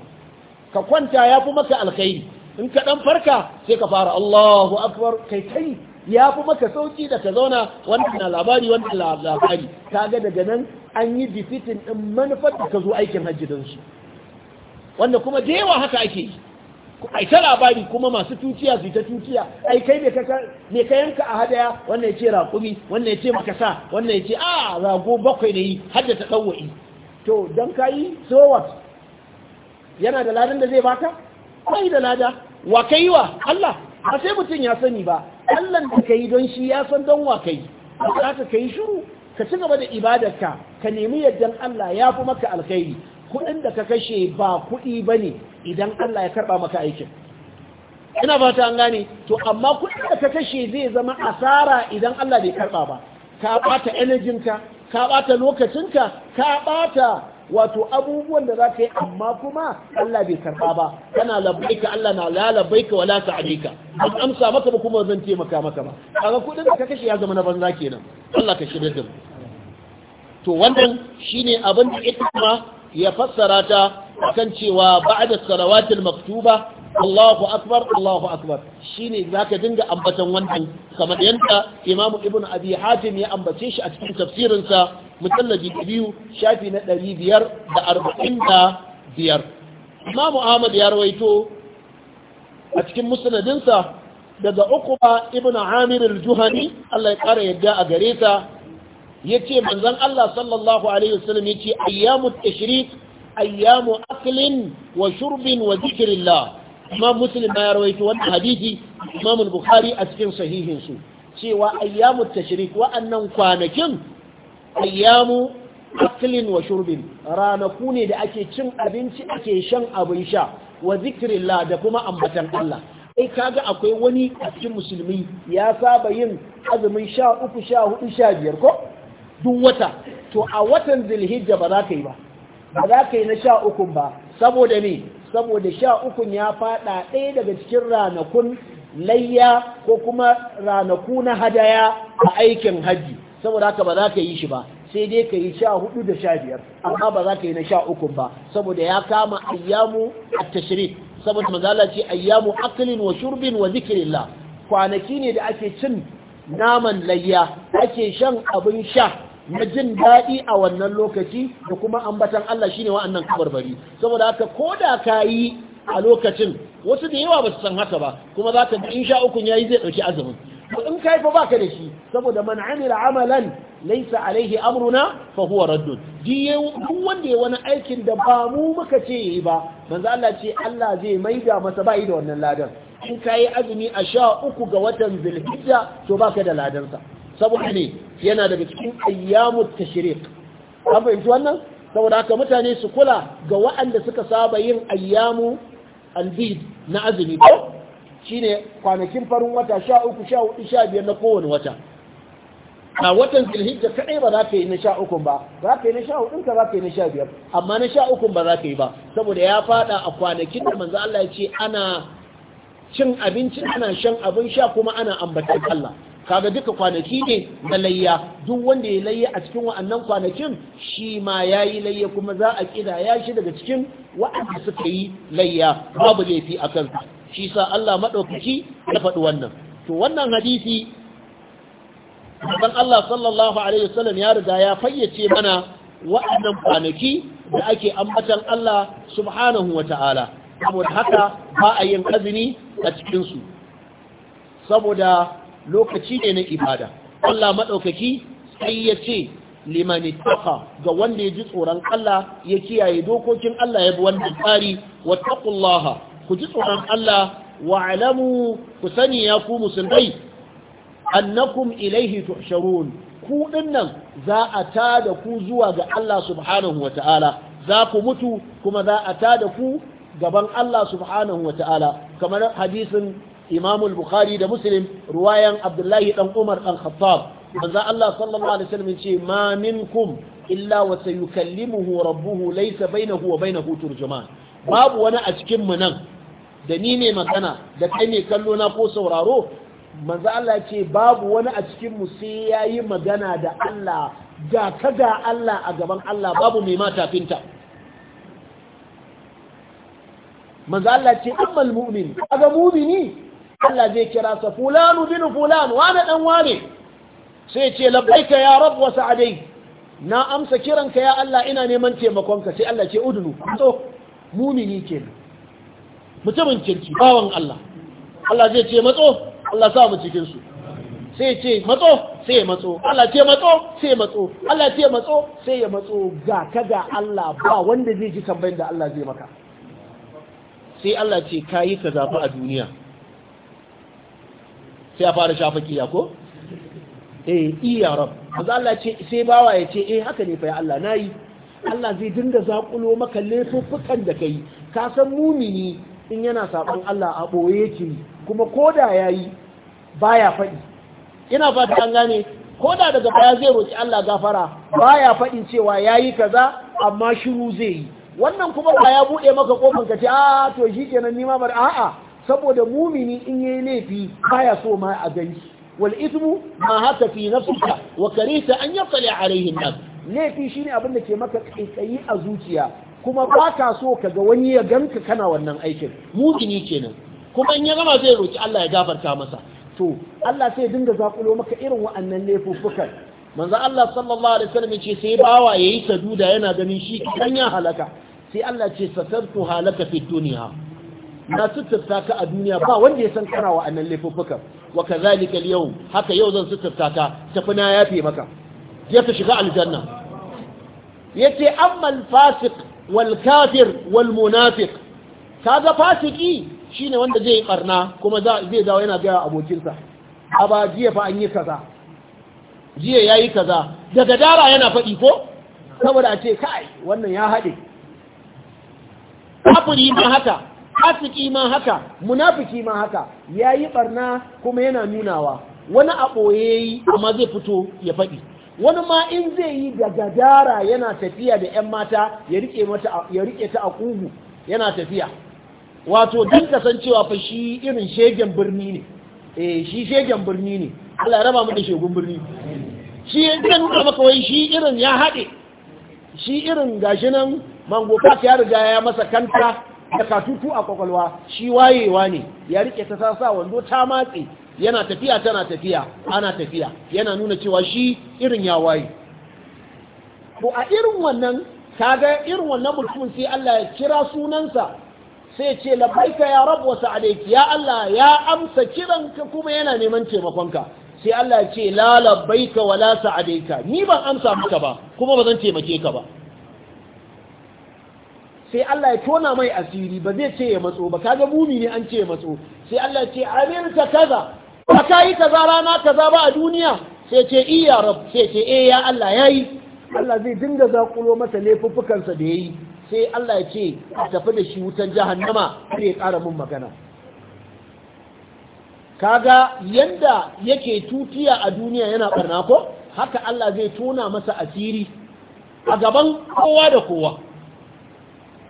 ka kwanta yafi maka alkhairi in ka dan farka sai ka fara Allahu akbar kai kai yafi maka sauki da ka zauna wannan labari wannan labari kaga daga nan an yi difitin din manufar da ka zo aikin hajji don shi. wanda kuma da yawa haka ake yi ai ta labari kuma masu tuciya su ta tuciya ai kai ne ka ne ka yanka a hadaya wannan yace raƙumi wannan yace makasa wannan yace a rago bakwai ne yi hadda ta dawai to dan kai so what yana da ladan da zai baka kai da lada wa kai wa Allah ba sai mutun ya sani ba Allah da kai don shi ya san don wa kai ka kai shiru ka ci gaba da ibadarka ka nemi yaddan Allah ya fi maka alkhairi kuɗin da ka kashe ba kuɗi ba ne idan Allah ya karɓa maka aikin ina fata gani. gane to amma kuɗin da ka kashe zai zama asara idan Allah bai karɓa ba ka ɓata energinka ka ɓata lokacinka ka ɓata wato abubuwan da za ka yi amma kuma Allah bai karɓa ba kana labbaika Allah na la labbaika wala ta'alika an amsa maka ba kuma zan taimaka maka ba kaga kudin da ka kashe ya zama na banza kenan Allah ka shirya to wannan shine abin da ita ya fassara ta akan cewa ba'da salawatul maktuba Allahu akbar Allahu akbar shine zaka dinga ambatan wannan kamar yanda Imam Ibn Abi Hatim ya ambace shi a cikin tafsirin sa mutallaji biyu shafi na da biyar. Imam Ahmad ya rawaito a cikin musnadin sa daga Uqba ibn Amir al-Juhani Allah ya ƙara yadda a gare sa yace manzon Allah sallallahu alaihi wasallam yace ayyamut tashrik ayyamu aklin wa shurbin wa zikrillah imam muslim ya rawaito wannan hadisi imam bukhari a cikin sahihinsu. cewa ayyamu tashrik wa'annan kwanakin ayyamu aklin wa shurbin ranaku ne da ake cin abinci ake shan abin sha wa zikrillah da kuma ambatan Allah ai kaga akwai wani a cikin musulmi ya saba yin azumin sha uku sha hudu sha biyar ko duk wata to a watan zilhijja ba za ka yi ba ba za ka yi na sha ukun ba saboda ne saboda sha ukun ya fada ɗaya daga cikin ranakun layya ko kuma ranaku na hadaya a aikin hajji saboda haka ba za ka yi shi ba sai dai ka yi sha hudu da sha biyar amma ba za ka yi na sha ukun ba saboda ya kama ayyamu a tashirik saboda mazala ce ayyamu aklin wa shurbin wa zikirillah kwanaki ne da ake cin naman layya ake shan abin sha na jin daɗi a wannan lokaci da kuma ambatan Allah shine wa'annan kabarbari saboda haka ko da ka yi a lokacin wasu da yawa ba su san haka ba kuma za ka in sha ukun yi zai ɗauki azumin to in yi fa baka da shi saboda man amila amalan laisa alaihi amruna fa huwa raddun duk wanda ya wani aikin da ba mu muka ce yi ba manzo Allah ce Allah zai maida masa bai da wannan ladan in yi azumi a sha uku ga watan zulhijja to baka da ladansa saboda ne yana daga cikin ayyamut tashriq an fahimci wannan saboda haka mutane su kula ga waɗanda suka saba yin ayyamu albid na azumi ko shine kwanakin farin wata sha uku sha sha biyar na kowane wata a watan zilhijja kadai ba za ka yi na sha ba za ka yi na sha hudun ka za ka yi na sha biyar amma na sha ba za ka yi ba saboda ya fada a kwanakin da manzo Allah ya ce ana cin abinci ana shan abin sha kuma ana ambatar Allah kaga duka kwanaki ne na layya duk wanda ya layya a cikin wa'annan kwanakin shi ma ya yi layya kuma za a kida ya shi daga cikin wa'anda suka yi layya babu laifi a kansa shi sa Allah maɗaukaki ya faɗi wannan to wannan hadisi Ban Allah sallallahu Alaihi wasallam ya riga ya fayyace mana wa'annan kwanaki da ake ambatan Allah subhanahu wa ta'ala, saboda haka ba a yin azumi a cikinsu, saboda lokaci ne na ibada Allah maɗaukaki sai ya ce liman ga wanda ya ji tsoron Allah ya kiyaye dokokin Allah ya bi wannan tsari taƙullaha ku ji tsoron Allah wa alamu ku sani ya ku musulmai annakum ilaihi tuhsharun ku dinnan za a da ku zuwa ga Allah subhanahu ta'ala za ku mutu kuma za a da ku gaban Allah subhanahu ta'ala kamar hadisin Imamul al-Bukhari da Muslim ruwayan Abdullahi dan Umar dan Khattab manzo Allah sallallahu alaihi wasallam ce ma minkum illa wa sayukallimuhu rabbuhu laysa bainahu wa bainahu turjuman babu wani a cikin nan da ni ne magana da kai ne kallo na ko sauraro manzo Allah ce babu wani a cikin mu sai yayi magana da Allah ga Allah a gaban Allah babu mai mata finta manzo Allah ce ammal mu'min kaga mu'mini Allah zai kira sa fulanu bin fulan wane dan wane sai ce labbaika ya rabb wa sa'adai na amsa kiranka ya Allah ina neman taimakon ka. sai Allah ce udunu so mumini kenan mutumin kirki bawan Allah Allah zai ce matso Allah sa mu cikin su sai ce matso sai matso Allah ce matso sai matso Allah ce matso sai ya matso ga kaga Allah ba wanda zai ji tambayin da Allah zai maka sai Allah ce kayi kaza zafi a duniya sai a fara shafa kiya ko eh iya rab maza Allah ce sai bawa ya ce eh haka ne fa ya Allah nayi Allah zai dinga zakulo maka laifukan da kai ka san mumini in yana saban Allah a boye yake kuma koda yayi baya faɗi ina fata an gane koda daga baya zai roki Allah gafara baya faɗin cewa yayi kaza amma shiru zai yi wannan kuma ba ya bude maka kofin ka ce a ah, to shikenan ni ma bar a'a saboda mumini in yayi laifi baya so ma a gani wal ismu ma haka fi nafsika wa karita an yaqli alaihi nas laifi shine abin da ke maka kaikayi a zuciya kuma baka so ka ga wani ya ganka kana wannan aikin mumini kenan kuma in ya gama zai roki Allah ya gafarta masa to Allah sai ya dinga zakulo maka irin wa'annan laifuffukan manzo Allah sallallahu alaihi wasallam ce sai bawa yayi saduda yana ganin shi kan ya halaka sai Allah ce satartu halaka fi duniya na suturta ka a duniya ba wanda ya san kana wa annan laifuffukan wa kadhalika al yau, haka yau zan suturta ka tafi na yafe maka je ka shiga aljanna yace amma al-fasiq wal kafir wal munafiq kaga fasiki shine wanda zai barna kuma zai dawo yana ga abokinsa a ba jiya fa an yi kaza jiya yayi kaza daga dara yana faɗi ko saboda a ce kai wannan ya haɗe kafiri ma haka fasiki ma haka munafiki ma haka yayi barna kuma yana nunawa wani a ɓoye amma zai fito ya faɗi wani ma in zai yi daga gadara yana tafiya da 'yan mata ya rike ta a kugu yana tafiya wato din kasancewa fa shi irin shegen birni ne eh shi shegen birni ne Allah ya raba mu da shegun birni shi zan nuna maka wai shi irin ya haɗe shi irin gashi nan mango park ya riga ya masa kanta da katutu a kwakwalwa shi wayewa ne ya rike ta sa-sa wando ta matse yana tafiya tana tafiya ana tafiya yana nuna cewa shi irin ya waye to a irin wannan kaga irin wannan mutumin sai Allah ya kira sunansa sai ce labbaika ya rabu wasu alaiki ya Allah ya amsa kiranka kuma yana neman taimakonka sai Allah ya ce la labbaika wala sa'adaika ni ban amsa maka ba kuma ba zan taimake ka ba sai Allah ya tona mai asiri ba zai ce ya matso ba kaga mumi ne an ce ya matso sai Allah ya ce ta kaza ba ka yi kaza rana kaza ba a duniya sai ce iya rab sai ce eh ya Allah yayi Allah zai dinga zakulo masa laifuffukansa da yayi sai Allah ya ce a tafi da shi wutan jahannama sai ya ƙara mun magana kaga yanda yake tutiya a duniya yana barna ko haka Allah zai tona masa asiri a gaban kowa da kowa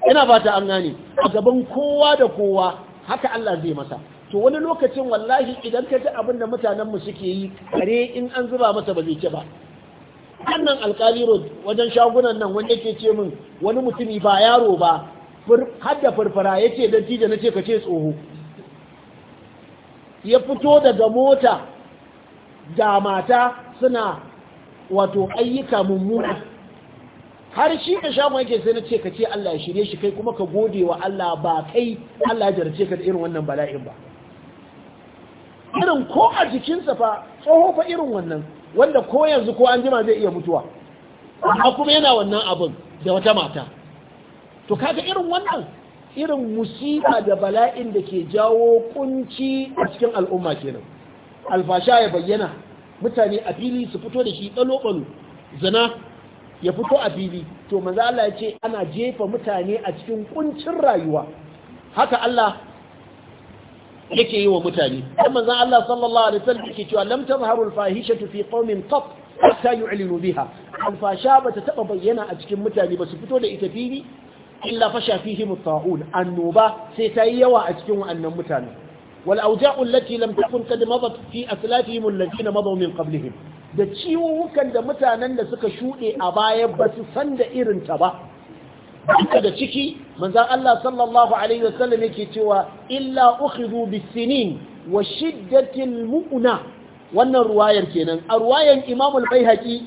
ina ba ta amnani a gaban kowa da kowa haka Allah zai masa to wani lokacin wallahi idan ka ji abin da mutanenmu suke yi kare in an zuba masa ba zai ce ba wannan alkali road wajen shagunan nan wanda yake ce min wani mutumi ba yaro ba har da farfara ya ce don na ce ka ce tsoho ya fito daga mota da mata suna wato ayyuka mummuna har shi da shagon yake sai na ce ka ce Allah ya shirye shi kai kuma ka gode wa Allah ba kai Allah ya jarce ka da irin wannan bala'in ba irin ko a jikinsa fa tsoho fa irin wannan wanda ko yanzu ko an jima zai iya mutuwa amma kuma yana wannan abin da wata mata to kaga irin wannan irin musiba da bala'in da ke jawo kunci a cikin al'umma kenan alfasha ya bayyana mutane a fili su fito da shi ɗalo tsalo zana. ya fito a fili to manzo Allah ya ce ana jefa mutane a cikin kuncin rayuwa haka Allah yake yi wa mutane dan manzo Allah sallallahu alaihi wasallam yake cewa lam tazharu al-fahishatu fi qaumin qat hatta yu'linu biha Alfasha ba bata taba bayyana a cikin mutane ba su fito da ita fili illa fasha fihim at annuba sai ta yi yawa a cikin wannan mutane wal awja'u allati lam takun qad madat fi aslafihim alladhina madaw min qablihim da ciwuwukan da mutanen da suka shuɗe a baya ba su san da irinta ba duka da ciki manzan Allah sallallahu Alaihi wasallam yake cewa illa ukhidhu bisinin wa shiddatil mu'una wannan ruwayar kenan a ruwayar imamul baihaqi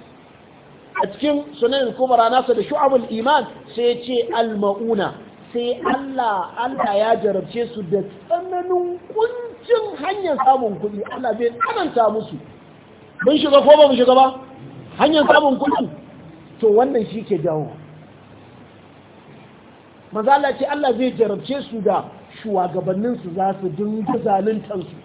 a cikin sunan kubra nasa da shu'abul iman sai ya ce al mauna sai Allah Allah ya jarabce su da tsananin kuncin hanyar samun kuɗi Allah bai tsananta musu mun shiga ko ba mu shiga ba hanyar samun kuɗi to wannan shi ke jawo mazala ce Allah zai jarabce su da shugabanninsu za su dinga zaluntansu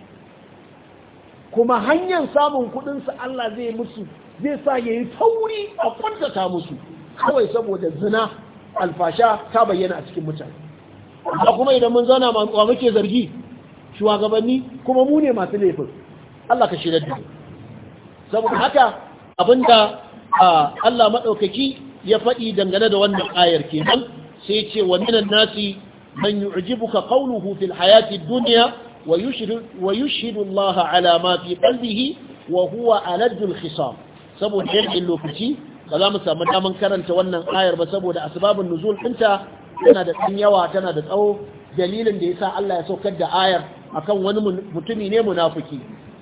kuma hanyar samun kuɗinsu Allah zai musu zai sa ya yi tauri a kwantata musu kawai saboda zina alfasha ta bayyana a cikin mutane a kuma idan mun zauna wa muke zargi shugabanni kuma mu ne masu laifin Allah ka shirya da mu saboda haka abinda Allah maɗaukaki ya faɗi dangane da wannan ayar kenan sai ce wa minan nasi man yu'jibuka qawluhu fil hayati dunya wa yushhidu Allah ala ma fi qalbihi wa huwa aladul khisam saboda yin lokaci ba za mu samu daman karanta wannan ayar ba saboda asbabun nuzul ɗinta tana da ɗan yawa tana da tsawo dalilin da yasa Allah ya saukar da ayar akan wani mutumi ne munafiki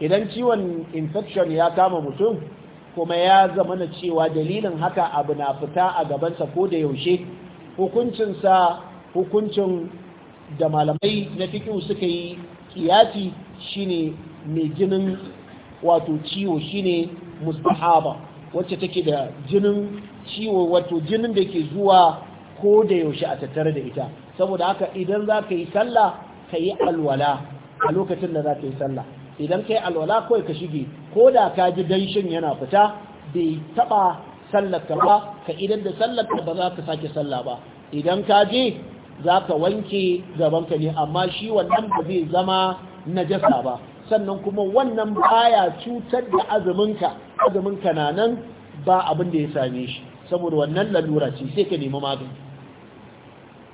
idan ciwon infection ya kama mutum kuma ya zama na cewa dalilin haka abu na fita a gabansa ko da yaushe hukuncinsa hukuncin da malamai na fikin suka yi kiyati shine mai jinin wato ciwo shine mustahaba wacce take da jinin ciwo wato jinin da ke zuwa ko da yaushe a tattare da ita saboda haka idan za ka yi sallah ka yi alwala a lokacin da za ka yi sallah idan ka yi alwala kawai ka shige ko da ka ji danshin yana fita bai taɓa sallar ka ba ka idan da sallar ka ba za ka sake sallah ba idan ka je za ka wanke gabanka ne amma shi wannan ba zai zama najasa ba sannan kuma wannan baya cutar da azuminka azuminka na nan ba abin da ya same shi saboda wannan lalura ce sai ka nemi magani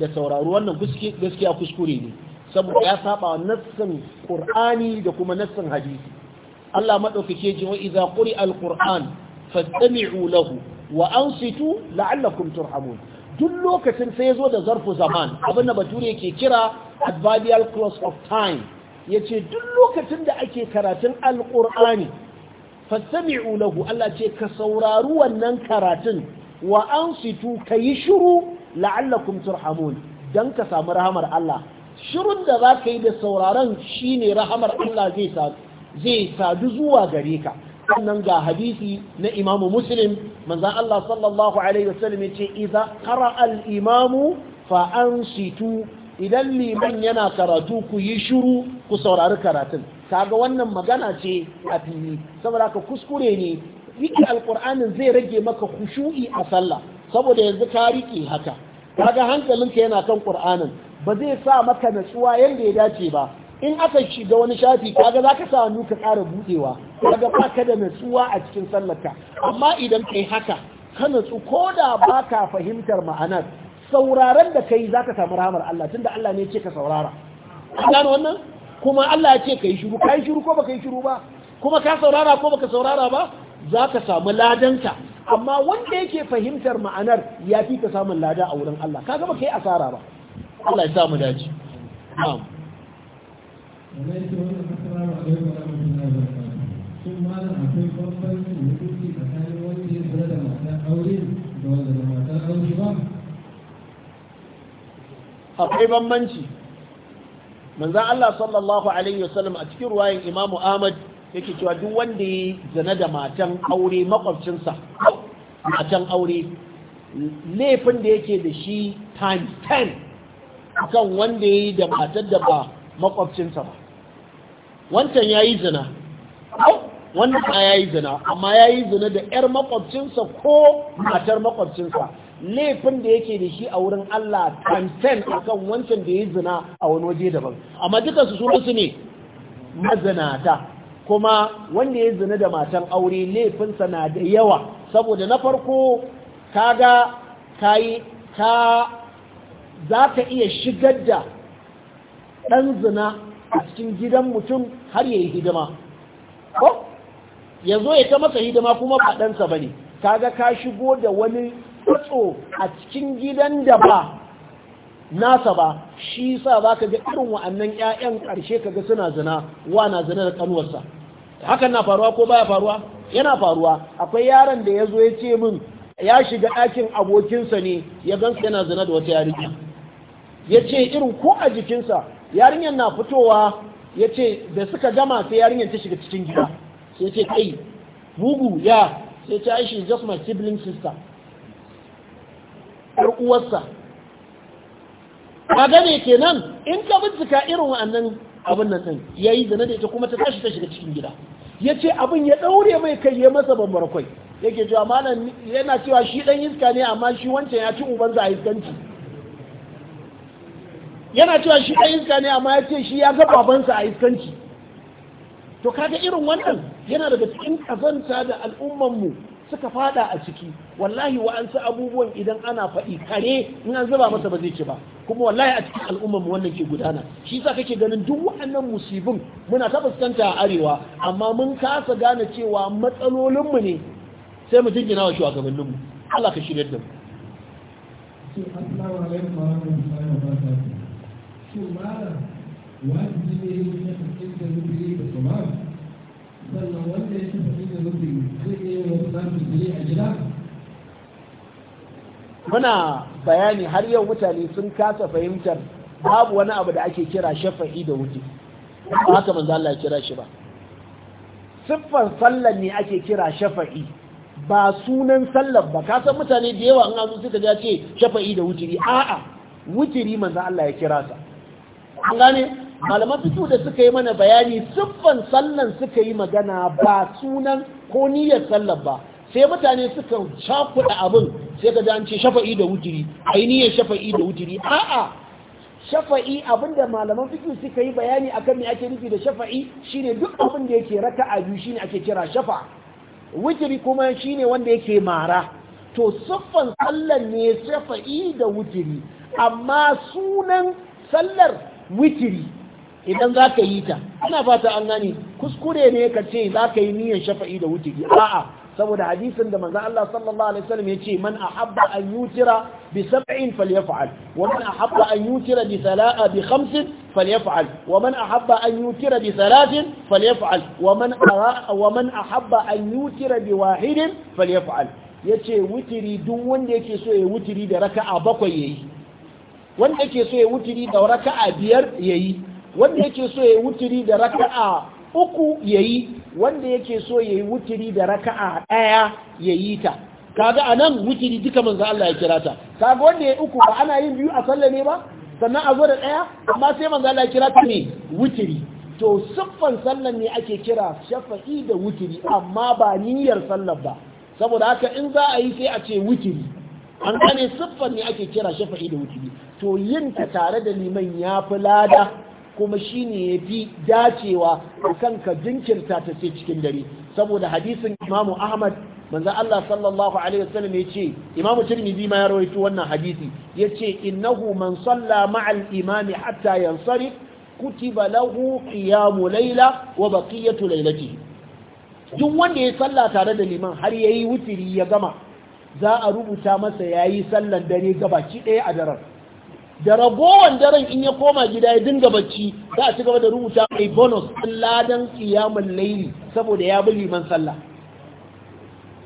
da sauraro wannan gaskiya kuskure ne saboda ya saba nassin qur'ani da kuma nassin hadisi Allah madaukake ji wa idza quri'a alquran fastami'u lahu wa ansitu la'allakum turhamun duk lokacin sai yazo da zarfu zaman abin da bature ke kira adverbial clause of time yace duk lokacin da ake karatun alqur'ani fastami'u lahu Allah ce ka saurari wannan karatun wa ansitu kayi shiru la'allakum turhamun dan ka samu rahamar Allah shirun da za ka yi da sauraron shine rahamar Allah zai sadu zuwa gare ka sannan ga hadisi na imamu muslim manzan Allah sallallahu alaihi wasallam yace idza qara al imamu fa ansitu idan liman yana karatu ku yi shiru ku saurari karatun kaga wannan magana ce a fili saboda ka kuskure ne rike alqur'anin zai rage maka khushu'i a sallah saboda yanzu ka rike haka kaga hankalinka yana kan qur'anin ba zai sa maka natsuwa yanda ya dace ba in aka shiga wani shafi kaga zaka sa ka ƙara budewa kaga baka da natsuwa a cikin sallarka amma idan kai haka ka natsu koda baka fahimtar ma'anar sauraron da kai zaka samu rahmar Allah tunda Allah ne ya ce ka saurara gano wannan kuma Allah ya ce kai shiru kai shiru ko baka yi shiru ba kuma ka saurara ko baka saurara ba za ka samu ladanka amma wanda yake fahimtar ma'anar ya fi ka samun lada a wurin Allah ka gaba kai asara ba Allah ya samu daji na'am akwai bambanci manzan Allah sallallahu Alaihi wasallam a cikin ruwayin imamu Ahmad yake cewa duk wanda ya zana da matan aure makwabcinsa matan aure laifin da yake da shi times 10 kan wanda ya yi da matar da ba makwabcinsa ba wancan ya yi zina wannan ba ya yi zina amma ya yi zina da 'yar makwabcinsa ko matar makwabcinsa laifin da yake da shi a wurin Allah tantan a kan wancan da ya yi zina a wani waje daban amma dukansu sunansu ne mazinata kuma wanda ya zina da matan aure laifinsa na da yawa saboda na farko kaga kayi ka za ka iya shigar da ɗan zina a cikin gidan mutum har ya yi hidima ko ya zo ya ta masa hidima kuma ba ɗansa ba ne Ka ga ka shigo da wani tsotso a cikin gidan da ba nasa ba shi sa za ka ga irin wa'annan 'ya'yan ƙarshe ka ga suna zina wa na zina da ƙanuwarsa hakan na faruwa ko baya faruwa yana faruwa akwai yaron da ya zo ya ce min ya shiga ɗakin abokinsa ne ya gansa yana zina da wata yarinya ya ce irin ko a jikinsa yarinyar na fitowa ya ce da suka gama sai yarinyar ta shiga cikin gida sai ce kai Bugu ya sai ta aishi just my sibling sister ɗar uwarsa ba gane kenan in ka bincika irin wannan. abin nan ya yayi zane da ita kuma ta tashi ta shiga cikin gida yace abin ya daure mai kai ya masa bambar kwai. yake cewa malam yana cewa shi dan iska ne amma shi wancan ya ci uban a iskanci yana cewa shi dan iska ne amma ya ce shi ya ga babansa a iskanci to kaga irin wannan yana daga cikin kazanta da al'umman mu suka fada a ciki wallahi wa'ansu abubuwan idan ana faɗi kare in an zuba masa ba zai ci ba kuma wallahi a cikin al'ummar mu wannan ke gudana shi yasa kake ganin duk wa'annan musibin muna ta fuskanta a arewa amma mun kasa gane cewa matsalolin mu ne sai mu jingina wa shugabannin mu Allah ka shirye da mu assalamu alaikum wa rahmatullahi wa barakatuh shin mara wajibi ne ya kasance da mutum da muna bayani har yau mutane sun kasa fahimtar babu wani abu da ake kira shafa'i da wuce ba haka manzo Allah ya kira shi ba siffar sallar ne ake kira shafa'i ba sunan sallar ba ka san mutane da yawa an azu suka ja ce shafa'i da wutiri a'a wutiri manzo Allah ya kira ta. an gane malaman fito da suka yi mana bayani siffan sallan suka yi magana ba sunan ko niyyar sallar ba sai mutane suka shafuɗa abin sai ka an shafa'i da wuturi ai niyyar shafa'i da a a'a shafa'i abinda malaman fiqh suka yi bayani akan me ake nufi da shafa'i shine duk abin da yake raka a biyu shine ake kira shafa Wujiri kuma shine wanda yake mara to siffan sallan ne shafa'i da wujiri, amma sunan sallar wujiri. idan za ka yi ta ana fata an gani. kuskure ne ka ce za ka yi niyan shafa'i da wuturi a'a saboda hadisin da manzo Allah sallallahu alaihi wasallam yace man ahabba an yutira bi sab'in falyaf'al wa man ahabba an yutira bi thalatha bi khamsin falyaf'al wa man ahabba an yutira bi thalathin falyaf'al wa man wa man ahabba an yutira bi wahidin falyaf'al yace wutiri duk wanda yake so ya wutiri da raka'a bakwai yayi wanda yake so ya wutiri da raka'a biyar yayi wanda yake so ya yi wuturi da raka'a uku ya yi wanda yake so ya yi wuturi da raka'a ɗaya ya yi ta kaga a nan wuturi duka manzo Allah ya kira ta kaga wanda ya yi uku ba ana yin biyu a sallah ne ba sannan a zo da ɗaya amma sai manzo Allah ya kira ta ne wuturi to siffan sallan ne ake kira shafa'i da wuturi amma ba niyyar sallar ba saboda haka in za a yi sai a ce wuturi an gane siffan ne ake kira shafa'i da wuturi to yin ta tare da liman ya fi lada kuma shine fi dacewa kan ka jinkirta ta cikin dare saboda hadisin Imam Ahmad manzo Allah sallallahu alaihi wasallam yace Imam Tirmidhi ma ya rawaito wannan hadisi Ya ce innahu man salla ma'al imami hatta yansarif kutiba lahu qiyamu layla wa baqiyatu laylatihi duk wanda ya salla tare da liman har yayi wutiri ya gama za a rubuta masa yayi sallan dare gabaki daya a darar da ragowan daren in ya koma gida ya dinga bacci za a ci gaba da rubuta mai bonus ɗan ladan ƙiyamun laili saboda ya bi liman sallah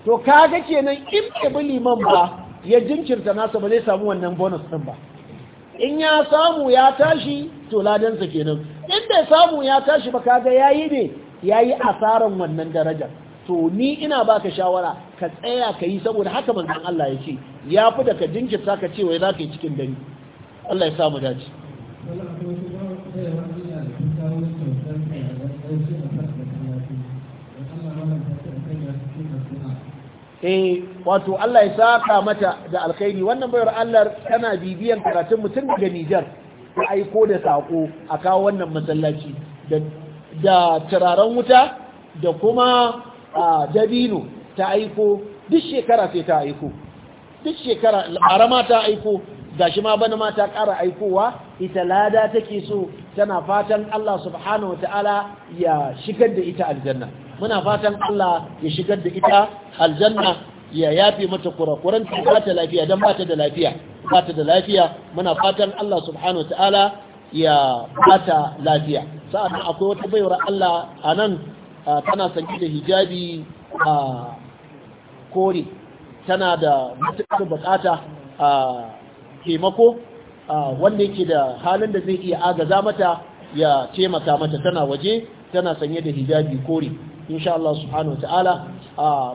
to kaga kenan in bai bi liman ba ya jinkirta nasa ba zai samu wannan bonus ɗin ba in ya samu ya tashi to ladansa kenan in bai samu ya tashi ba kaga yayi ne yayi asaran wannan darajar to ni ina baka shawara ka tsaya ka yi saboda haka manzon Allah ya ce ya fi daga jinkirta ka ce wai za ka yi cikin dare Allah ya samu dace eh wato Allah ya saka mata da alkhairi wannan bayar Allah tana bibiyan karatun mutum daga Nijar ta aiko da sako a kawo wannan masallaci da turaren wuta da kuma dabino ta aiko duk shekara sai ta aiko duk shekara arama ta aiko gashi ma bana ma ta ƙara aikowa ita lada take so tana fatan Allah subhanahu ta'ala ya shigar da ita aljanna muna fatan Allah ya shigar da ita aljanna ya yafe mata kurakuran ta ta lafiya dan bata da lafiya bata da lafiya muna fatan Allah subhanahu ta'ala ya bata lafiya sa'an akwai wata baiwar Allah a nan tana sanke da hijabi a kore tana da matuƙar bukata a taimako wanda yake da halin da zai iya agaza mata ya taimaka mata tana waje tana sanye da hijabi kore insha Allah subhanahu ta'ala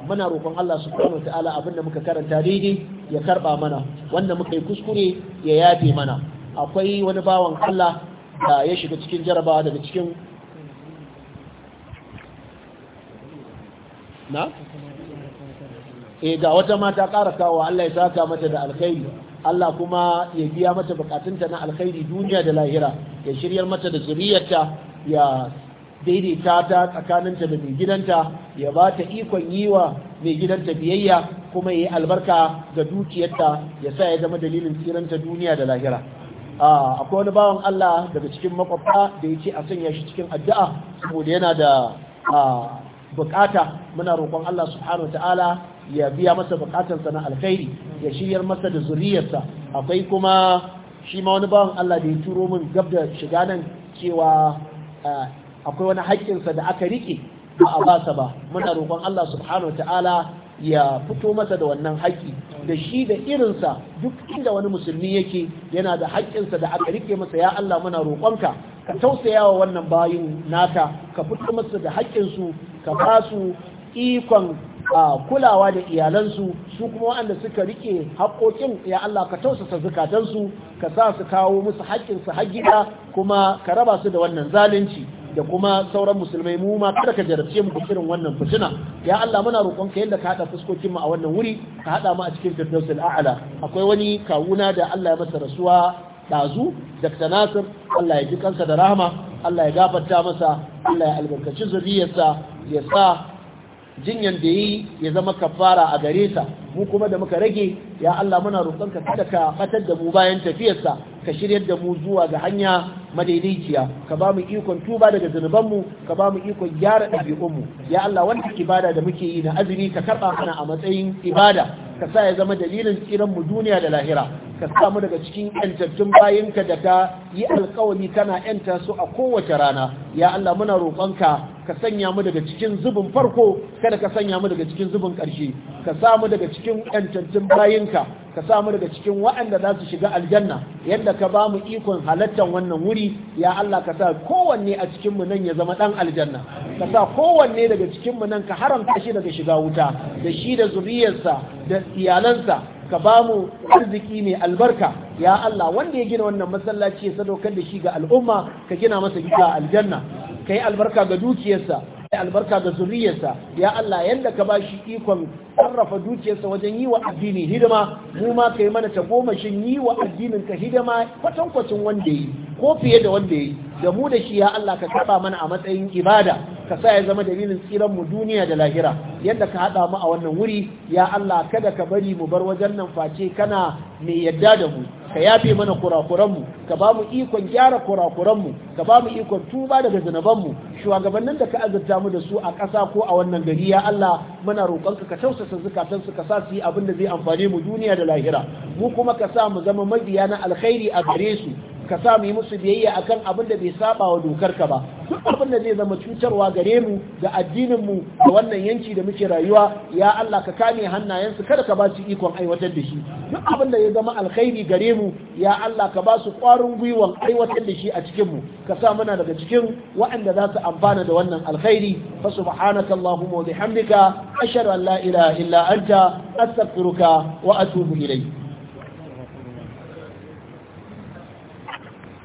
muna roƙon Allah subhanahu ta'ala abinda muka karanta daidai ya karba mana wanda muka yi kuskure ya yafe mana akwai wani bawan Allah da ya shiga cikin jaraba daga cikin na? Eh, ga wata mata ƙara kawo Allah ya saka mata da alkhairi Allah kuma ya biya mata bukatunta na alkhairi duniya da lahira ya shiryar mata da zuriyarta ya daidaita ta tsakaninta da mai gidanta ya ba ta ikon yi wa mai gidanta biyayya kuma ya yi albarka ga dukiyarta ya sa ya zama dalilin tsiranta duniya da lahira akwai wani bawan Allah daga cikin makwabta da ya ce a sanya shi cikin addu'a saboda yana da bukata muna roƙon Allah subhanahu wa ta'ala ya biya masa sa na alkhairi ya shiryar masa da zuriyarsa akwai kuma shi ma wani bawan Allah da ya turo min gab da shiga nan cewa akwai wani haƙƙinsa da aka riƙe ba a basa ba muna roƙon Allah subhanahu ta'ala ya fito masa da wannan haƙƙi da shi da irinsa duk inda wani musulmi yake yana da haƙƙinsa da aka riƙe masa ya Allah muna roƙonka ka tausaya wa wannan bayin naka ka fito masa da haƙƙinsu ka ba su ikon kulawa da iyalansu su kuma waɗanda suka rike haƙoƙin ya Allah ka tausasa zukatansu ka sa su kawo musu haƙƙinsu har gida kuma ka raba su da wannan zalunci da kuma sauran musulmai mu ma kada ka jarabce mu irin wannan fitina ya Allah muna roƙon ka yadda ka hada fuskokin mu a wannan wuri ka hada mu a cikin firdausul a'la akwai wani kawuna da Allah ya masa rasuwa dazu Dr. Nasir Allah ya ji kansa da rahama Allah ya gafarta masa Allah ya albarkaci zuriyarsa ya sa jinyan da yi ya zama kafara a gare sa mu kuma da muka rage ya Allah muna roƙonka kada ka batar da mu bayan tafiyarsa ka shiryar da mu zuwa ga hanya madaidaiciya ka ba mu ikon tuba daga zunuban mu ka ba mu ikon gyara mu ya Allah wannan ibada da muke yi na azumi ka karɓa mana a matsayin ibada ka sa ya zama dalilin tsiran mu duniya da lahira ka sa mu daga cikin yantattun bayinka da ka yi alƙawari kana yanta su a kowace rana ya Allah muna roƙonka ka sanya mu daga cikin zubin farko kada ka sanya mu daga cikin zubin ƙarshe ka sa mu daga cikin ƴancancin bayinka ka sa mu daga cikin waɗanda za su shiga aljanna yadda ka ba mu ikon halattar wannan wuri ya Allah ka sa kowanne a cikin mu nan ya zama ɗan aljanna ka sa kowanne daga cikin mu nan ka haramta shi daga shiga wuta da shi da zuriyarsa da iyalansa ka ba mu arziki mai albarka ya Allah wanda ya gina wannan masallaci ya sadaukar da shi ga al'umma ka gina masa gida aljanna ka yi albarka ga dukiyarsa ka yi albarka ga zuriyarsa ya Allah yanda ka ba shi ikon sarrafa dukiyarsa wajen yi wa addini hidima mu ma ka yi mana tagomashin yi wa addinin ka hidima kwatankwacin wanda yi ko fiye da wanda yi da mu da shi ya Allah ka taba mana a matsayin ibada ka sa ya zama dalilin tsiran mu duniya da lahira yadda ka haɗa mu a wannan wuri ya Allah kada ka bari mu bar wajen nan face kana mai yadda da mu ka yafe mana kurakuranmu ka ba mu ikon gyara kurakuranmu ka ba mu ikon tuba daga zanabanmu shugabannin da ka azurta mu da su a ƙasa ko a wannan gari ya Allah muna roƙonka ka tausasa su ka sa su yi abin da zai amfane mu duniya da lahira mu kuma ka sa mu zama mabiya na alkhairi a gare su ka sa mu yi musu biyayya akan abin da bai saba wa dokar ka ba duk abin da zai zama cutarwa gare mu da addinin mu da wannan yanki da muke rayuwa ya Allah ka kame hannayensu kada ka ba su ikon aiwatar da shi duk abin da ya zama alkhairi gare mu ya Allah ka ba su ƙwarin gwiwan aiwatar da shi a cikin mu ka sa muna daga cikin waɗanda za su amfana da wannan alkhairi fa subhanaka allahumma wa bihamdika ashhadu an la ilaha illa anta astaghfiruka wa atubu ilayk